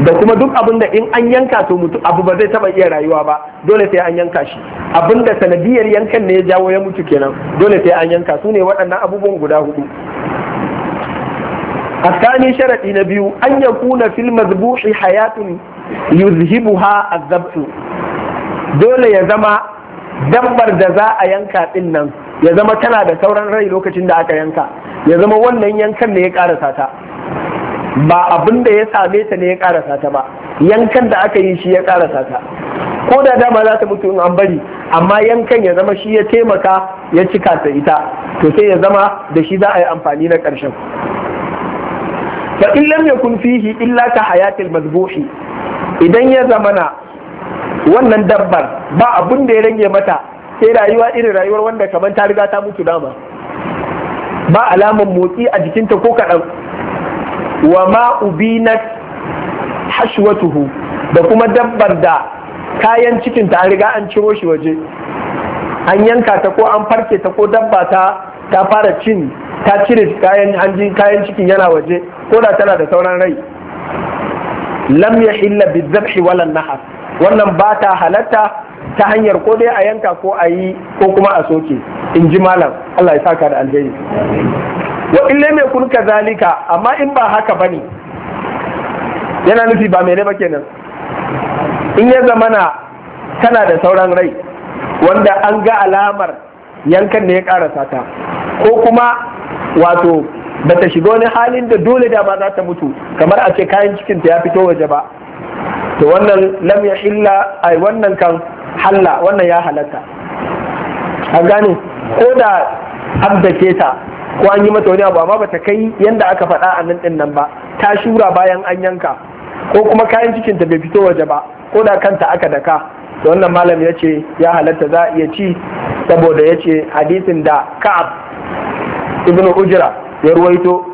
da kuma duk abin da in an yanka to mutu abu ba zai taba iya rayuwa ba dole sai an yanka shi abin da sanadiyar yankan ne ya jawo ya mutu kenan dole sai an yanka su ne waɗannan abubuwan guda hudu الثاني na biyu an يكون fil mazbuhi hayatun yuzhibuha Azabtu. dole ya zama dabbar da za a yanka din nan ya zama tana da sauran rai lokacin da aka yanka ya zama wannan yankan ne ya karasa ta ba abin da ya same ta ne ya karasa ta ba yankan da aka yi shi ya karasa ta ko da dama za ta mutu in an bari amma yankan ya zama shi ya taimaka ya cika ta ita to sai ya zama da shi za a yi amfani na ƙarshen fa in lam yakun fihi illa ka hayatil mazbuhi idan ya zama na wannan dabbar ba abin da ya rage mata sai rayuwa irin rayuwar wanda kamar ta riga ta mutu dama ba alaman motsi a jikinta ko kaɗan wa ma ubinat hashwatuhu da kuma dabbar da kayan cikin ta an riga an ciro shi waje an yanka ta ko an farke ta ko dabba ta ta fara cin ta cire kayan hanji kayan cikin yana waje ko da tana da sauran rai lam yahilla bizabhi nahar wannan ba ta halatta ta hanyar ko dai a yanka ko a yi ko kuma a soke in ji malam Allah ya saka da alheri wa in mai yakun zalika amma in ba haka ba ne, yana nufi ba mai ba kenan in ya zamana tana da sauran rai wanda an ga alamar yankan da ya karasa sata ko kuma wato ba ta shiga wani halin da dole da ba za ta mutu kamar a ce kayan cikin ta ya fito waje ba to wannan lam ya illa ai wannan kan halla wannan ya halatta an gane ko da abdake ta ko an yi mata wani abu amma bata kai yadda aka faɗa a nan ɗin nan ba ta shura bayan an yanka ko kuma kayan cikin ta bai fito waje ba ko da kanta aka daka da wannan malam ya ce ya halatta za a iya ci saboda ya ce hadisin da ka'ab ibn ujra ya ruwaito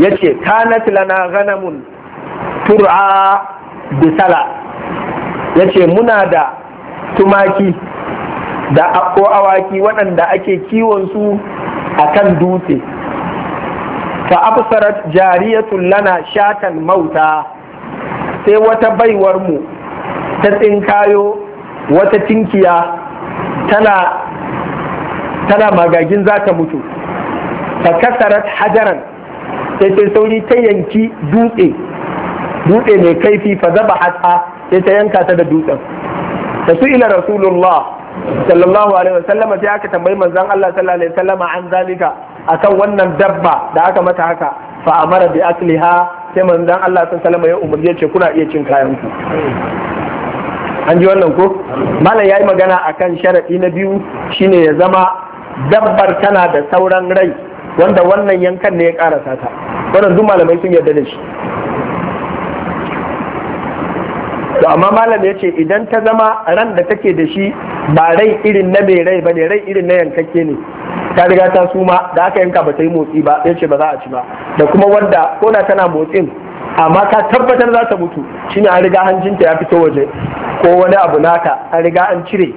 ya ce kanat lana ghanamun tur'a bisala ya ce muna da tumaki da ko awaki waɗanda ake kiwon su a kan dutse ta absarat jariyatun lana shatan mauta sai wata baiwar mu ta tsinkayo wata tinkiya tana magagin za ta mutu fa kasarar hajaran sai sai sauri ta yanki dutse dutse mai kaifi fa zaba hata sai ta yanka ta da dutsen Ka su ila rasulullah sallallahu alaihi wasallam sai aka tambayi manzon Allah sallallahu alaihi wasallam an zalika akan wannan dabba da aka mata haka fa amara bi akliha sai manzon Allah sallallahu alaihi wasallam ya umurje ce kuna iya cin kayan ku an ji wannan ko malam yayi magana akan sharadi na biyu shine ya zama dabbar tana da sauran rai wanda wannan yankan ne ya karasa ta wannan duk malamai sun yarda da shi to amma malam ya ce idan ta zama ran da take da shi ba rai irin na mai rai ba ne, rai irin na yankakke ne ta riga ta suma da aka yanka ba ta yi motsi ba ya ce ba za a ci ba da kuma wanda kona tana motsin amma ka tabbatar za ta mutu shi ne an riga hancinta ya fito waje ko wani abu naka an riga an cire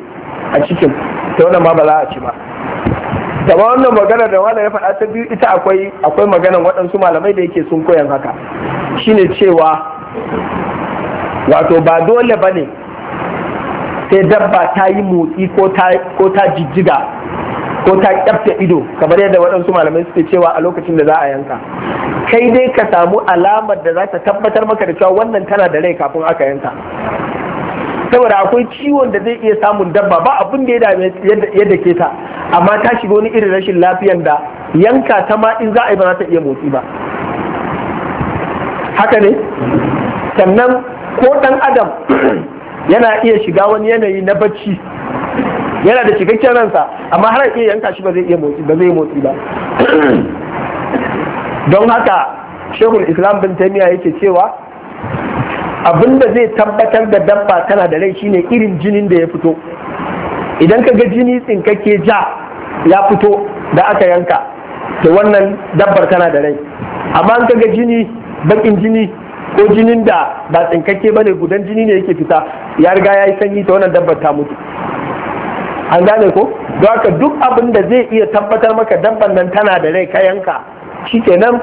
a cikin ta wannan ma ba za a ci ba gaba wannan magana da wanda ya faɗa ta biyu ita akwai akwai maganan waɗansu malamai da yake sun koyan haka shine cewa wato ba dole ba ne sai dabba ta yi motsi ko ta jijjiga ko ta kyafta ido kamar yadda waɗansu malamai suke cewa a lokacin da za a yanka kai dai ka samu alamar da za ta tabbatar maka da cewa wannan tana da rai kafin aka yanka saboda akwai ciwon da zai iya samun dabba ba abin da ya dame yadda ke ta amma ta shiga wani irin rashin lafiyar da yanka ta ma in za a yi ba za ta iya motsi ba haka ne sannan ko ɗan adam yana iya shiga wani yanayi na bacci yana da cikakken ransa amma har iya yanka shi ba zai iya motsi ba don haka shehun islam bin taimiya yake cewa abinda zai tabbatar da dabba tana da rai shine irin jinin da ya fito idan ka ga jini tsinkake ja ya fito da aka yanka to wannan dabbar tana da rai amma an ka ga jini bakin jini ko jinin da ba tsinkakke ne gudan jini ne yake fita ya riga ya yi sanyi ta wannan dabbar ta mutu an gane ko don haka duk abin da zai iya tabbatar maka dabban nan tana da rai kayanka yanka kenan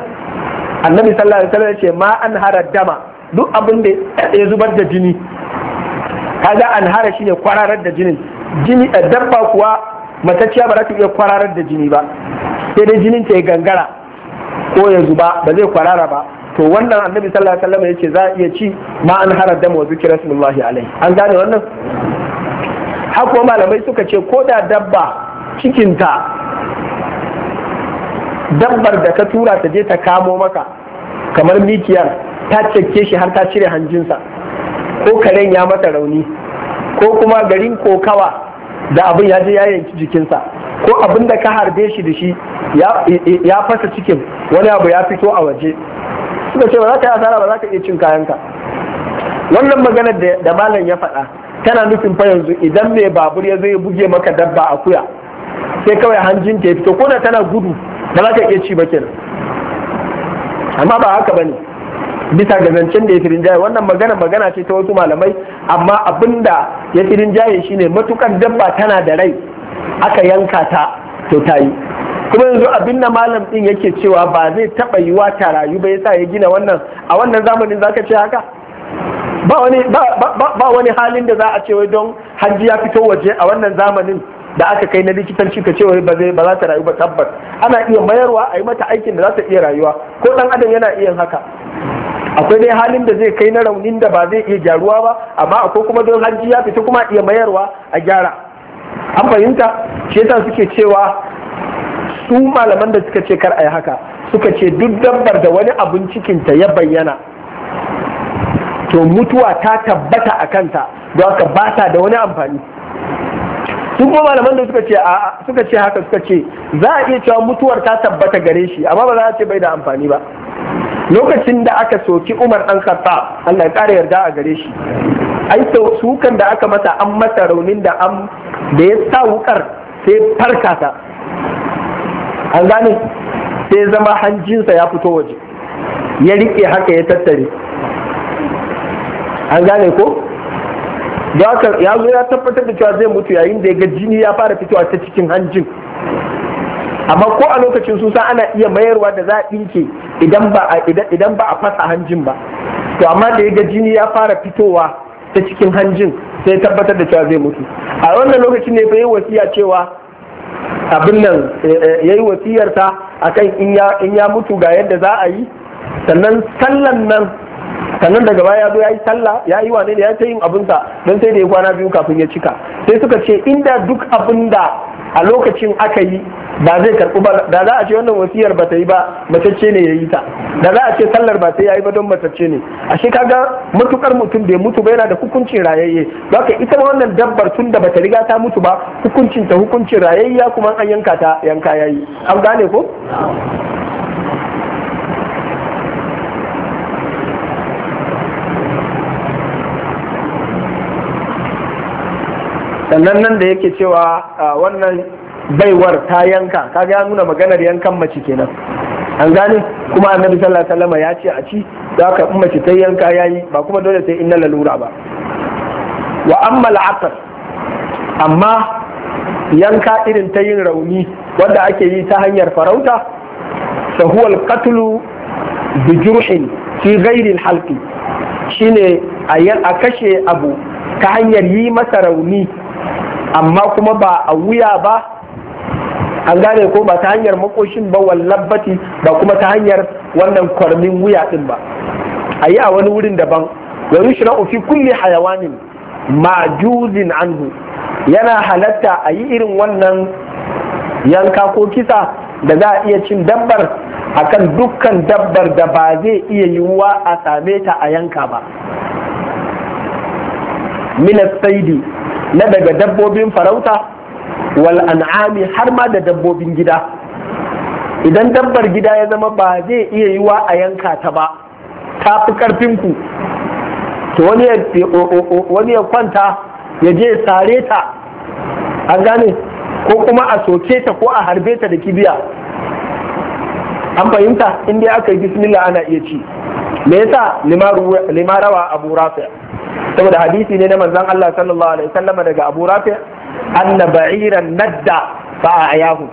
annabi sallallahu alaihi wasallam ya ce ma an hara dama duk abin da ya zubar da jini kaga an hara shi ne kwararar da jinin jini a eh, dabba kuwa matacciya ba za ta iya kwararar da jini ba sai dai jinin ta ya gangara ko ya zuba ba zai kwarara ba to wannan annabi sallallahu alaihi wasallam yace za a iya ci ma an harar dama wa zikira sallallahu alaihi an gane wannan haka malamai suka ce ko da dabba cikinta dabbar da ka tura ta je ta kamo maka kamar mikiyar ta cike shi har ta cire hanjinsa ko karen ya mata rauni ko kuma garin kokawa da abin ya je ya yanki jikinsa ko abin da ka harbe shi da shi ya fasa cikin wani abu ya fito a waje suka ce ba za ka yi asara ba za ka iya cin kayanka wannan maganar da malam ya faɗa tana nufin fa yanzu idan mai babur ya zai buge maka dabba a kuya sai kawai hanjin ta fito ko da tana gudu ba za ka iya ci ba kenan amma ba haka bane bisa ga zancen da ya firin jaye wannan magana magana ce ta wasu malamai amma abinda ya firin jaye shine matukan dabba tana da rai aka yanka ta to ta yi kuma yanzu abin da malam din yake cewa ba zai taba yiwa ta rayu ba yasa ya gina wannan a wannan zamanin zaka ce haka ba wani halin da za a ce wai don hajji ya fito waje a wannan zamanin da aka kai na likitanci ka ce ba zai ba za ta rayu ba tabbas ana iya mayarwa a yi mata aikin da za ta iya rayuwa ko dan adam yana iya haka akwai dai halin da zai kai na raunin da ba zai iya gyaruwa ba amma akwai kuma don hajji ya fito kuma iya mayarwa a gyara an fahimta shi yasa suke cewa su malaman da suka ce kar a yi haka suka ce duk dabbar da wani abun cikinta ya bayyana to mutuwa ta tabbata a kanta don aka ba ta da wani amfani sun kuma malaman da suka ce haka suka ce za a iya cewa mutuwar ta tabbata gare shi amma ba za a ce bai da amfani ba lokacin da aka soki umar an karfa Allah ya kare yarda a gare shi ai sukan da aka masa an masa raunin da da ya sa wukar sai farka ta an gane sai zama hanjinsa ya fito waje ya riƙe haka ya tattare an gane ko da ya zo ya tabbatar da cewa zai mutu yayin da ya ga jini ya fara fitowa ta cikin hanjin amma ko a lokacin susa ana iya mayarwa da za a ɗinke idan ba a fasa hanjin ba to amma da ya ga jini ya fara fitowa ta cikin hanjin sai tabbatar da cewa zai mutu a wannan lokacin ne fa yi wasiya cewa abin nan eh, eh, ya yi wasiyarta a kan in ya mutu ga yadda za a yi sannan sallan nan sannan daga baya ya zo ya yi salla, ya yi wane ne ya ta yin abinsa don sai da ya kwana biyu kafin ya cika sai suka ce inda duk abin da a lokacin aka yi ba zai karɓi ba da za a ce wannan wasiyar ba ta yi ba matacce ne ya yi ta da za a ce sallar ba ta yi ba don matacce ne a shi kaga matukar mutum da ya mutu ba yana da hukuncin rayayye ba ka ita ma wannan dabbar tun da bata riga ta mutu ba hukuncin ta hukuncin rayayya kuma an yanka ta yanka yayi an gane ko sannan nan da yake cewa wannan baiwar ta yanka kaga ya nuna maganar yankan mace kenan an gane kuma annabi sallallahu alaihi wasallam ya ce a ci da ka in mace ta yanka yayi ba kuma dole sai inna lalura ba wa amma al'aqal amma yanka irin ta yin rauni wanda ake yi ta hanyar farauta fa huwa al-qatlu bi jurhin fi ghairi al shine a kashe abu ta hanyar yi masa rauni amma kuma ba a wuya ba an gane ko ba ta hanyar makoshin ba wallabbati ba kuma ta hanyar wannan kwarmin wuya din ba a yi a wani wurin daban wa shi fi kulli hayawanin ma'juzin anhu yana halatta a yi irin wannan yanka ko kisa da za a iya cin dabbar a kan dukkan dabbar da ba zai iya yiwuwa a same ta a yanka ba minas saidi na daga dabbobin farauta wal an'ami har ma da dabbobin gida idan dabbar gida ya zama ba zai iya yiwa a yanka ta ba ta fi karfinku to wani ya kwanta ya je sare ta an gane ko kuma a soke ta ko a harbe ta da kibiya an fahimta in dai aka yi bismillah ana iya ci me yasa limarawa abu rafi saboda hadisi ne na manzon Allah sallallahu alaihi wasallam daga Abu Rafi anna ba'iran nadda fa ayahu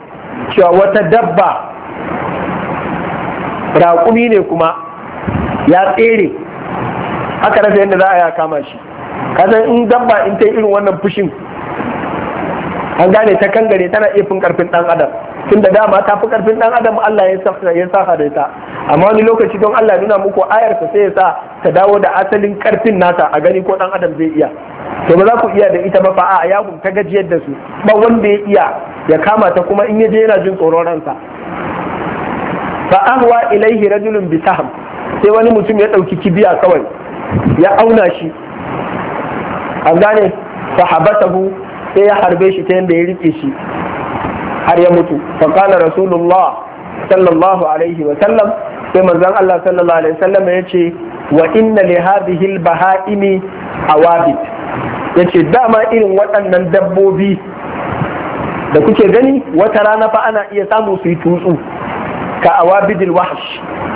cewa wata dabba raƙumi ne kuma ya tsere aka rasa yadda za a ya kama shi kasan in dabba in ta irin wannan fushin an gane ta kangare tana iya fin karfin dan adam tunda dama ta fi karfin dan adam Allah ya saka da ita amma wani lokaci don Allah nuna muku ayar ta sai ya sa ta dawo da asalin karfin nata a gani ko dan adam zai iya to ba za ku iya da ita ba fa a ya ta gajiyar da su ba wanda ya iya ya kama ta kuma in ya je yana jin tsoron ransa fa ahwa ilaihi rajulun bi sai wani mutum ya dauki kibiya kawai ya auna shi an gane sahabatahu sai ya harbe shi ta yadda ya rike shi har ya mutu fa kana rasulullah sallallahu alaihi wa sallam sai manzon Allah sallallahu alaihi wasallam ya ce wa inna li hadhihi al-baha'imi awabit yace dama irin waɗannan dabbobi da kuke gani wata rana fa ana iya samun su yi tutsu ka awabidil wahsh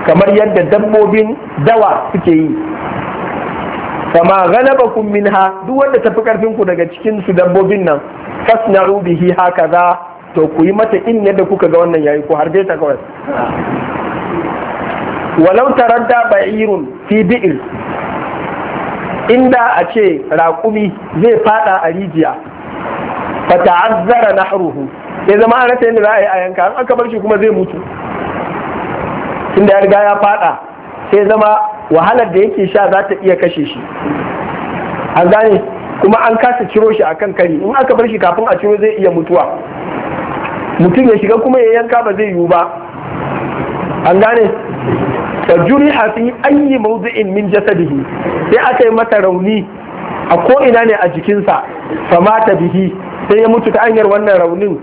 kamar yadda dabbobin dawa suke yi kama galabakum minha duk wanda tafi karfin ku daga cikin su dabbobin nan fasna'u bihi za to ku yi mata in yadda kuka ga wannan yayi ku harbe ta kawai walau taradda ba'irun fi bi'ir inda a ce raƙumi zai fada a rijiya fa na nahruhu ya zama an rasa yadda za a yi a yanka an aka bar shi kuma zai mutu da ya riga ya fada sai zama wahalar da yake sha za ta iya kashe shi an gane kuma an kasa ciro shi akan kari in aka bar shi kafin a ciro zai iya mutuwa mutum ya shiga kuma ya yanka ba zai yiwu ba an gane fa juriha fi ayyi mawdi'in min jasadihi sai aka yi mata rauni a ko ina ne a jikinsa fa mata bihi sai ya mutu ta hanyar wannan raunin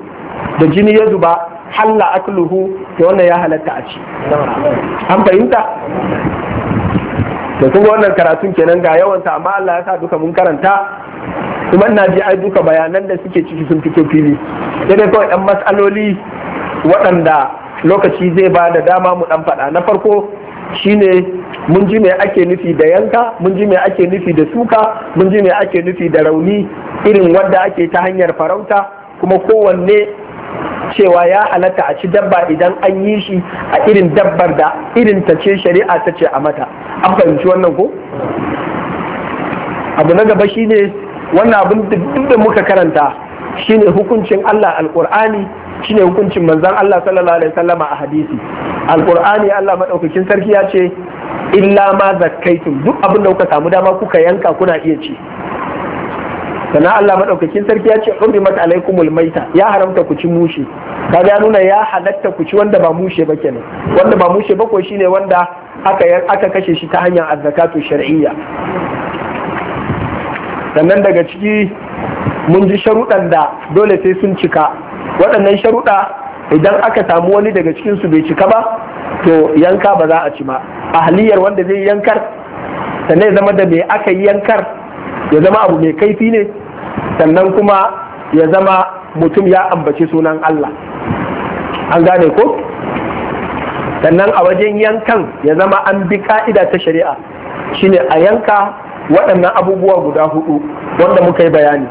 da jini ya zuba halla akluhu da wannan ya halatta a ci an fahimta da kuma wannan karatun kenan ga yawansa amma Allah ya sa duka mun karanta kuma ina ji ai duka bayanan da suke ciki sun fito fili sai dai kawai ɗan matsaloli waɗanda lokaci zai ba da dama mu ɗan faɗa na farko shine mun ji me ake nufi da yanka mun ji me ake nufi da suka mun ji me ake nufi da rauni irin wanda ake ta hanyar farauta kuma kowanne cewa ya halatta a ci dabba idan an yi shi a irin dabbar da irin ta ce shari'a ta ce a mata an fahimci wannan ko abu na gaba shine wannan abin duk da muka karanta shine hukuncin Allah alkur'ani shine hukuncin manzon Allah sallallahu alaihi wasallama a hadisi alqur'ani Allah maɗaukakin sarki ya ce illa ma zakkaitum duk abin da kuka samu dama kuka yanka kuna iya ci sana Allah maɗaukakin sarki ya ce mata alaikumul maita ya haramta ku ci mushi kaga ya nuna ya halatta ku ci wanda ba mushe ba kenan wanda ba mushe ba ko shine wanda aka aka kashe shi ta hanyar azzakatu shar'iyya sannan daga ciki mun ji sharuɗan da dole sai sun cika waɗannan sharuɗa idan aka samu wani daga cikinsu bai cika ba to yanka ba za a ci ba ahliyar wanda zai yankar sannan ya zama da mai aka yi yankar ya zama abu mai kaifi ne sannan kuma ya zama mutum ya ambaci sunan Allah an gane ko sannan a wajen yankan ya zama an bi ka'ida ta shari'a shine a yanka waɗannan abubuwa guda hudu wanda muka yi bayani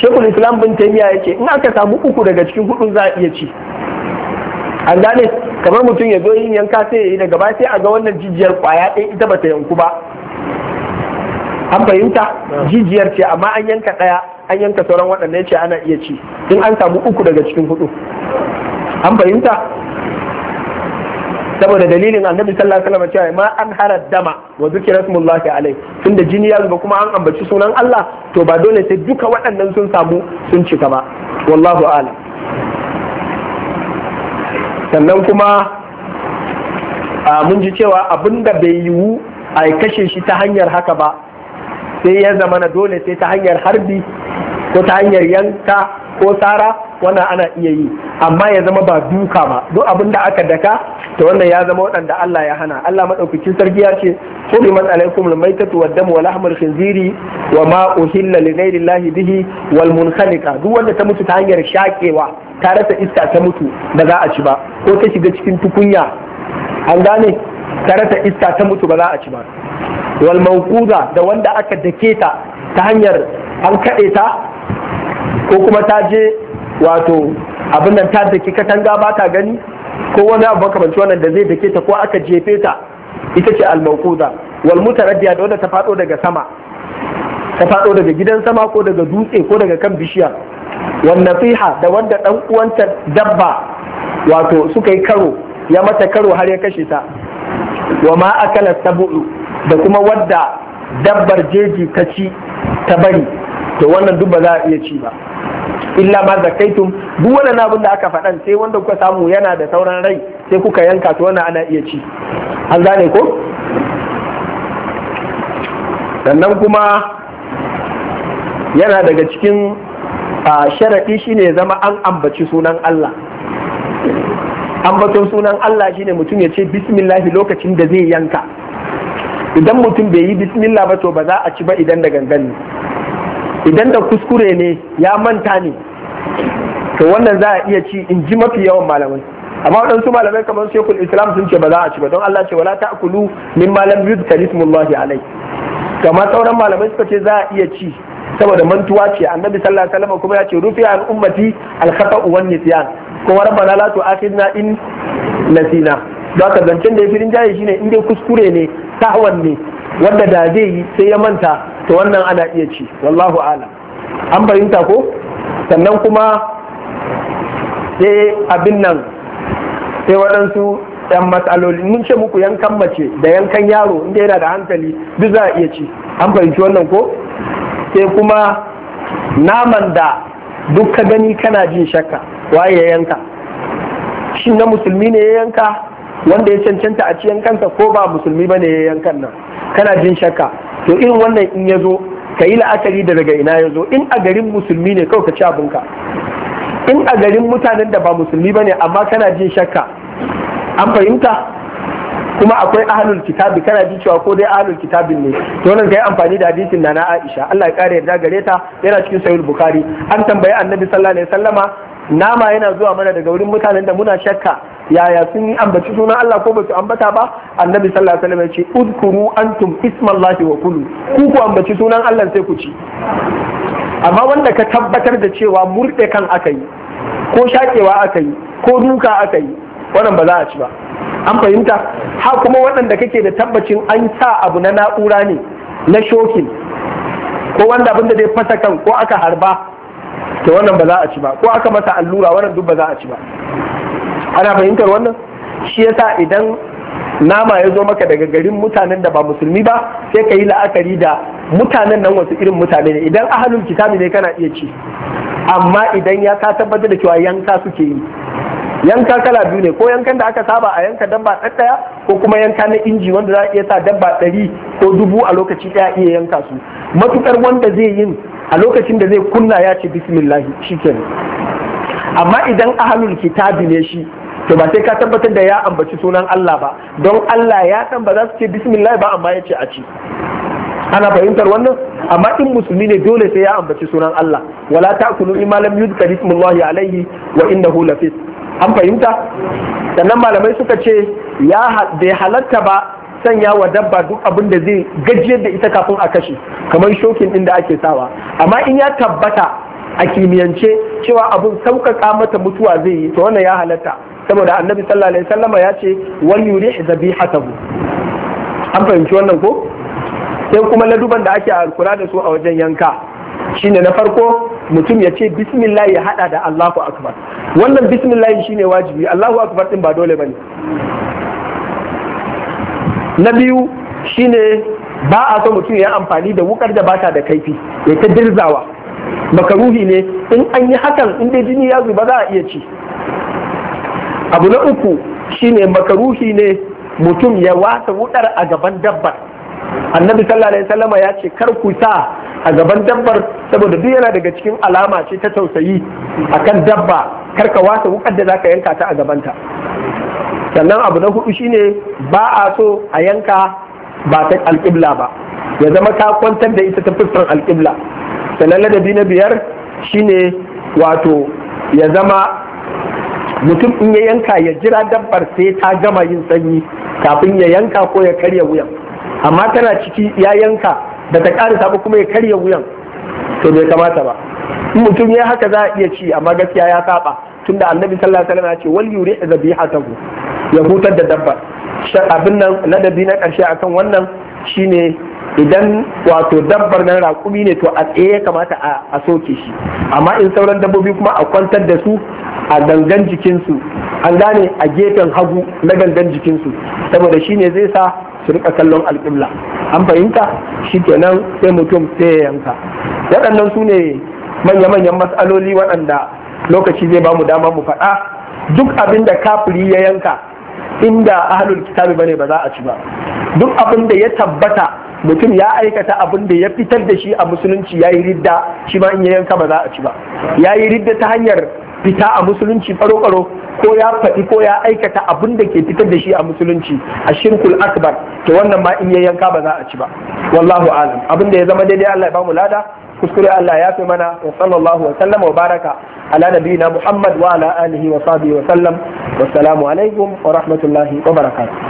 shekul islam bin taimiya ya ce in aka samu uku daga cikin hudu za a iya ci an gane kamar mutum ya zo yin yanka sai ya yi daga gaba sai a ga wannan jijiyar kwaya ɗaya ita bata yanku ba an fahimta jijiyar ce amma an yanka ɗaya an yanka sauran waɗanda ya ce ana iya ci in an samu uku daga cikin hudu an fahimta saboda dalilin annabi sallallahu alaihi wasallam cewa ma an hara dama wa zikr rasulullahi alai tunda jini ya zuba kuma an ambaci sunan Allah to ba dole sai duka waɗannan sun samu sun cika ba wallahu a'lam sannan kuma mun ji cewa abinda bai yiwu a kashe shi ta hanyar haka ba sai ya zama na dole sai ta hanyar harbi ko ta hanyar yanka ko sara wannan ana iya yi amma ya zama ba duka ba duk abin da aka daka to wannan ya zama waɗanda Allah ya hana Allah madaukakin sarki ya ce hurimat alaikum almaitatu damu wal ahmar khinziri wa ma uhilla li ghairi bihi wal munkhaliqa duk wanda ta mutu ta hanyar shakewa ta rasa iska ta mutu ba za a ci ba ko ta shiga cikin tukunya an gane ta rasa iska ta mutu ba za a ci ba wal mawquda da wanda aka dake ta ta hanyar an kaɗe ta ko kuma ta je wato abin nan ta dake katanga ba ta gani ko wani abu makamanci wannan da zai dake ta ko aka jefe ta ita ce al-mawquza wal mutaraddiya da wanda ta fado daga sama ta fado daga gidan sama ko daga dutse ko daga kan bishiya wan nasiha da wanda dan uwanta dabba wato suka yi karo ya mata karo har ya kashe ta wa ma akala sabu da kuma wadda dabbar jeji ta ci ta bari to wannan duk ba za a iya ci ba illa ma zakaitum duk wani abin da aka faɗan sai wanda kuka samu yana da sauran rai sai kuka yanka to wannan ana iya ci an gane ko sannan kuma yana daga cikin sharaɗi shine ne zama an ambaci sunan Allah ambaton sunan Allah shine mutum ya ce bismillahi lokacin da zai yanka idan mutum bai yi bismillah ba to ba za a ci ba idan da gangan idan da kuskure ne ya manta ne to wannan za a iya ci in ji mafi yawan malamai amma waɗansu malamai kamar shekul islam sun ce ba za a ci ba don Allah ce wala ta'kulu min malam yuzkar ismullahi alai kamar sauran malamai suka ce za a iya ci saboda mantuwa ce annabi sallallahu alaihi wasallam kuma ya ce rufi an ummati al khata'u wan nisyan kuma rabbana la tu'akhidna in nasina da ka zancen da ya rinjaye shine in dai kuskure ne sahwan ne wanda da zai yi sai ya manta ta wannan ana iya ci wallahu ala an fahimta ko sannan kuma sai abin nan sai waɗansu yan matsaloli mun ce muku yankan mace da yankan yaro inda yana da hankali duk za a iya ci an fahimci wannan ko sai kuma naman da duk ka gani kana jin shakka waye ya yanka shin na musulmi ne ya yanka wanda ya cancanta a ci kansa ko ba musulmi bane ya yankan nan kana jin shakka to irin wannan in ya zo ka yi la'akari da daga ina ya zo in a garin musulmi ne kawai ka ci abinka in a garin mutanen da ba musulmi bane amma kana jin shakka an fahimta kuma akwai ahlul kitabi kana ji cewa ko dai ahlul kitabin ne to nan kai amfani da hadisin Nana Aisha Allah ya kare yarda gare ta yana cikin sahih bukhari an tambayi annabi sallallahu alaihi wasallama nama yana zuwa mana daga wurin mutanen da muna shakka yaya sun yi ambaci sunan Allah ko ba su ambata ba annabi sallallahu alaihi wasallam ya ce udkuru antum ismallahi wa kulu ku ku ambaci sunan Allah sai ku ci amma wanda ka tabbatar da cewa murde kan aka yi ko shakewa aka yi ko duka aka yi wannan ba za a ci ba an fahimta ha kuma waɗanda kake da tabbacin an sa abu na na'ura ne na shokin ko wanda abinda zai fasa kan ko aka harba to wannan ba za a ci ba ko aka masa allura wannan duk ba za a ci ba ana fahimtar wannan shi yasa idan nama ya zo maka daga garin mutanen da ba musulmi ba sai ka yi la'akari da mutanen nan wasu irin mutane ne idan ahalul kitabi ne kana iya ci amma idan ya ka tabbatar da cewa yanka suke yi yanka kala biyu ne ko yankan da aka saba a yanka dabba ɗaya ko kuma yanka na inji wanda za a iya sa dabba ɗari ko dubu a lokaci ɗaya iya yanka su matukar wanda zai yin a lokacin da zai kunna ya ce bismillah shikenan amma idan ahalul kitabi ne shi to ba sai ka tabbatar da ya ambaci sunan Allah ba don Allah ya san ba za su ce bismillah ba amma ya ce a ci ana fahimtar wannan amma in musulmi ne dole sai ya ambaci sunan Allah wala ta'kulu imma lam yuzkar ismullahi alaihi wa innahu lafis an fahimta sannan malamai suka ce ya bai halatta ba sanya wa dabba duk abin da zai gajiyar da ita kafin a kashe kamar shokin din da ake sawa amma in ya tabbata a kimiyance cewa abun sauƙaƙa mata mutuwa zai yi to wannan ya halatta saboda annabi sallallahu alaihi ya ce wal yurih zabihatahu an fahimci wannan ko sai kuma laduban da ake alkura da su a wajen yanka shine na farko mutum ya ce bismillah ya hada da Allahu akbar wannan bismillah shine wajibi Allahu akbar din ba dole bane na biyu shine ba a so mutum ya amfani da wukar da bata da kaifi ya ta dirzawa makaruhi ne in an yi hakan in dai jini ya zuba za a iya ci abu na uku shine makaruhi ne mutum ya wasa wudar a gaban dabbar annabi sallallahu alaihi ya ce kar ku sa a gaban dabbar saboda duk yana daga cikin alama ce ta tausayi akan dabba kar ka wasa wukar da zaka yanka ta a gabanta sannan abu na hudu shine ba a so a yanka ba ta alƙibla ba ya zama ka kwantar da ita ta fuskar alƙibla sannan ladabi na biyar shine wato ya zama mutum in ya yanka ya jira dabbar sai ta gama yin sanyi kafin ya yanka ko ya karya wuyan amma tana ciki ya yanka da ta ƙara ba kuma ya karya wuyan to bai kamata ba in mutum ya haka za a iya ci amma gaskiya ya saba tunda annabi sallallahu alaihi wasallam ya ce wal yuri ya hutar da dabbar abin nan ladabi na ƙarshe akan wannan shine idan wato dabbar na rakumi ne to a tsaye ya kamata a soke shi amma in sauran dabbobi kuma a kwantar da su a gangan jikinsu an gane a gefen hagu na gangan jikinsu saboda shi ne zai sa su rika kallon alƙibla an fahimta shi kenan sai mutum sai yanka waɗannan su ne manya-manyan matsaloli waɗanda lokaci zai ba mu dama mu faɗa duk abin da kafiri ya yanka inda ahalul kitabi bane ba za a ci ba duk abin da ya tabbata mutum ya aikata abin da ya fitar da shi a musulunci ya yi ridda shi ma in ya yanka ba za a ci ba ya yi ridda ta hanyar fita a musulunci faro-faro ko ya faɗi ko ya aikata abin da ke fitar da shi a musulunci a shirkul akbar to wannan ma in ya yanka ba za a ci ba wallahu alam abin da ya zama daidai Allah ya bamu lada kuskure Allah ya fi mana wa sallallahu wa sallama wa baraka ala nabiyina Muhammad wa ala alihi wa sahbihi wa sallam wassalamu alaikum wa rahmatullahi wa barakatuh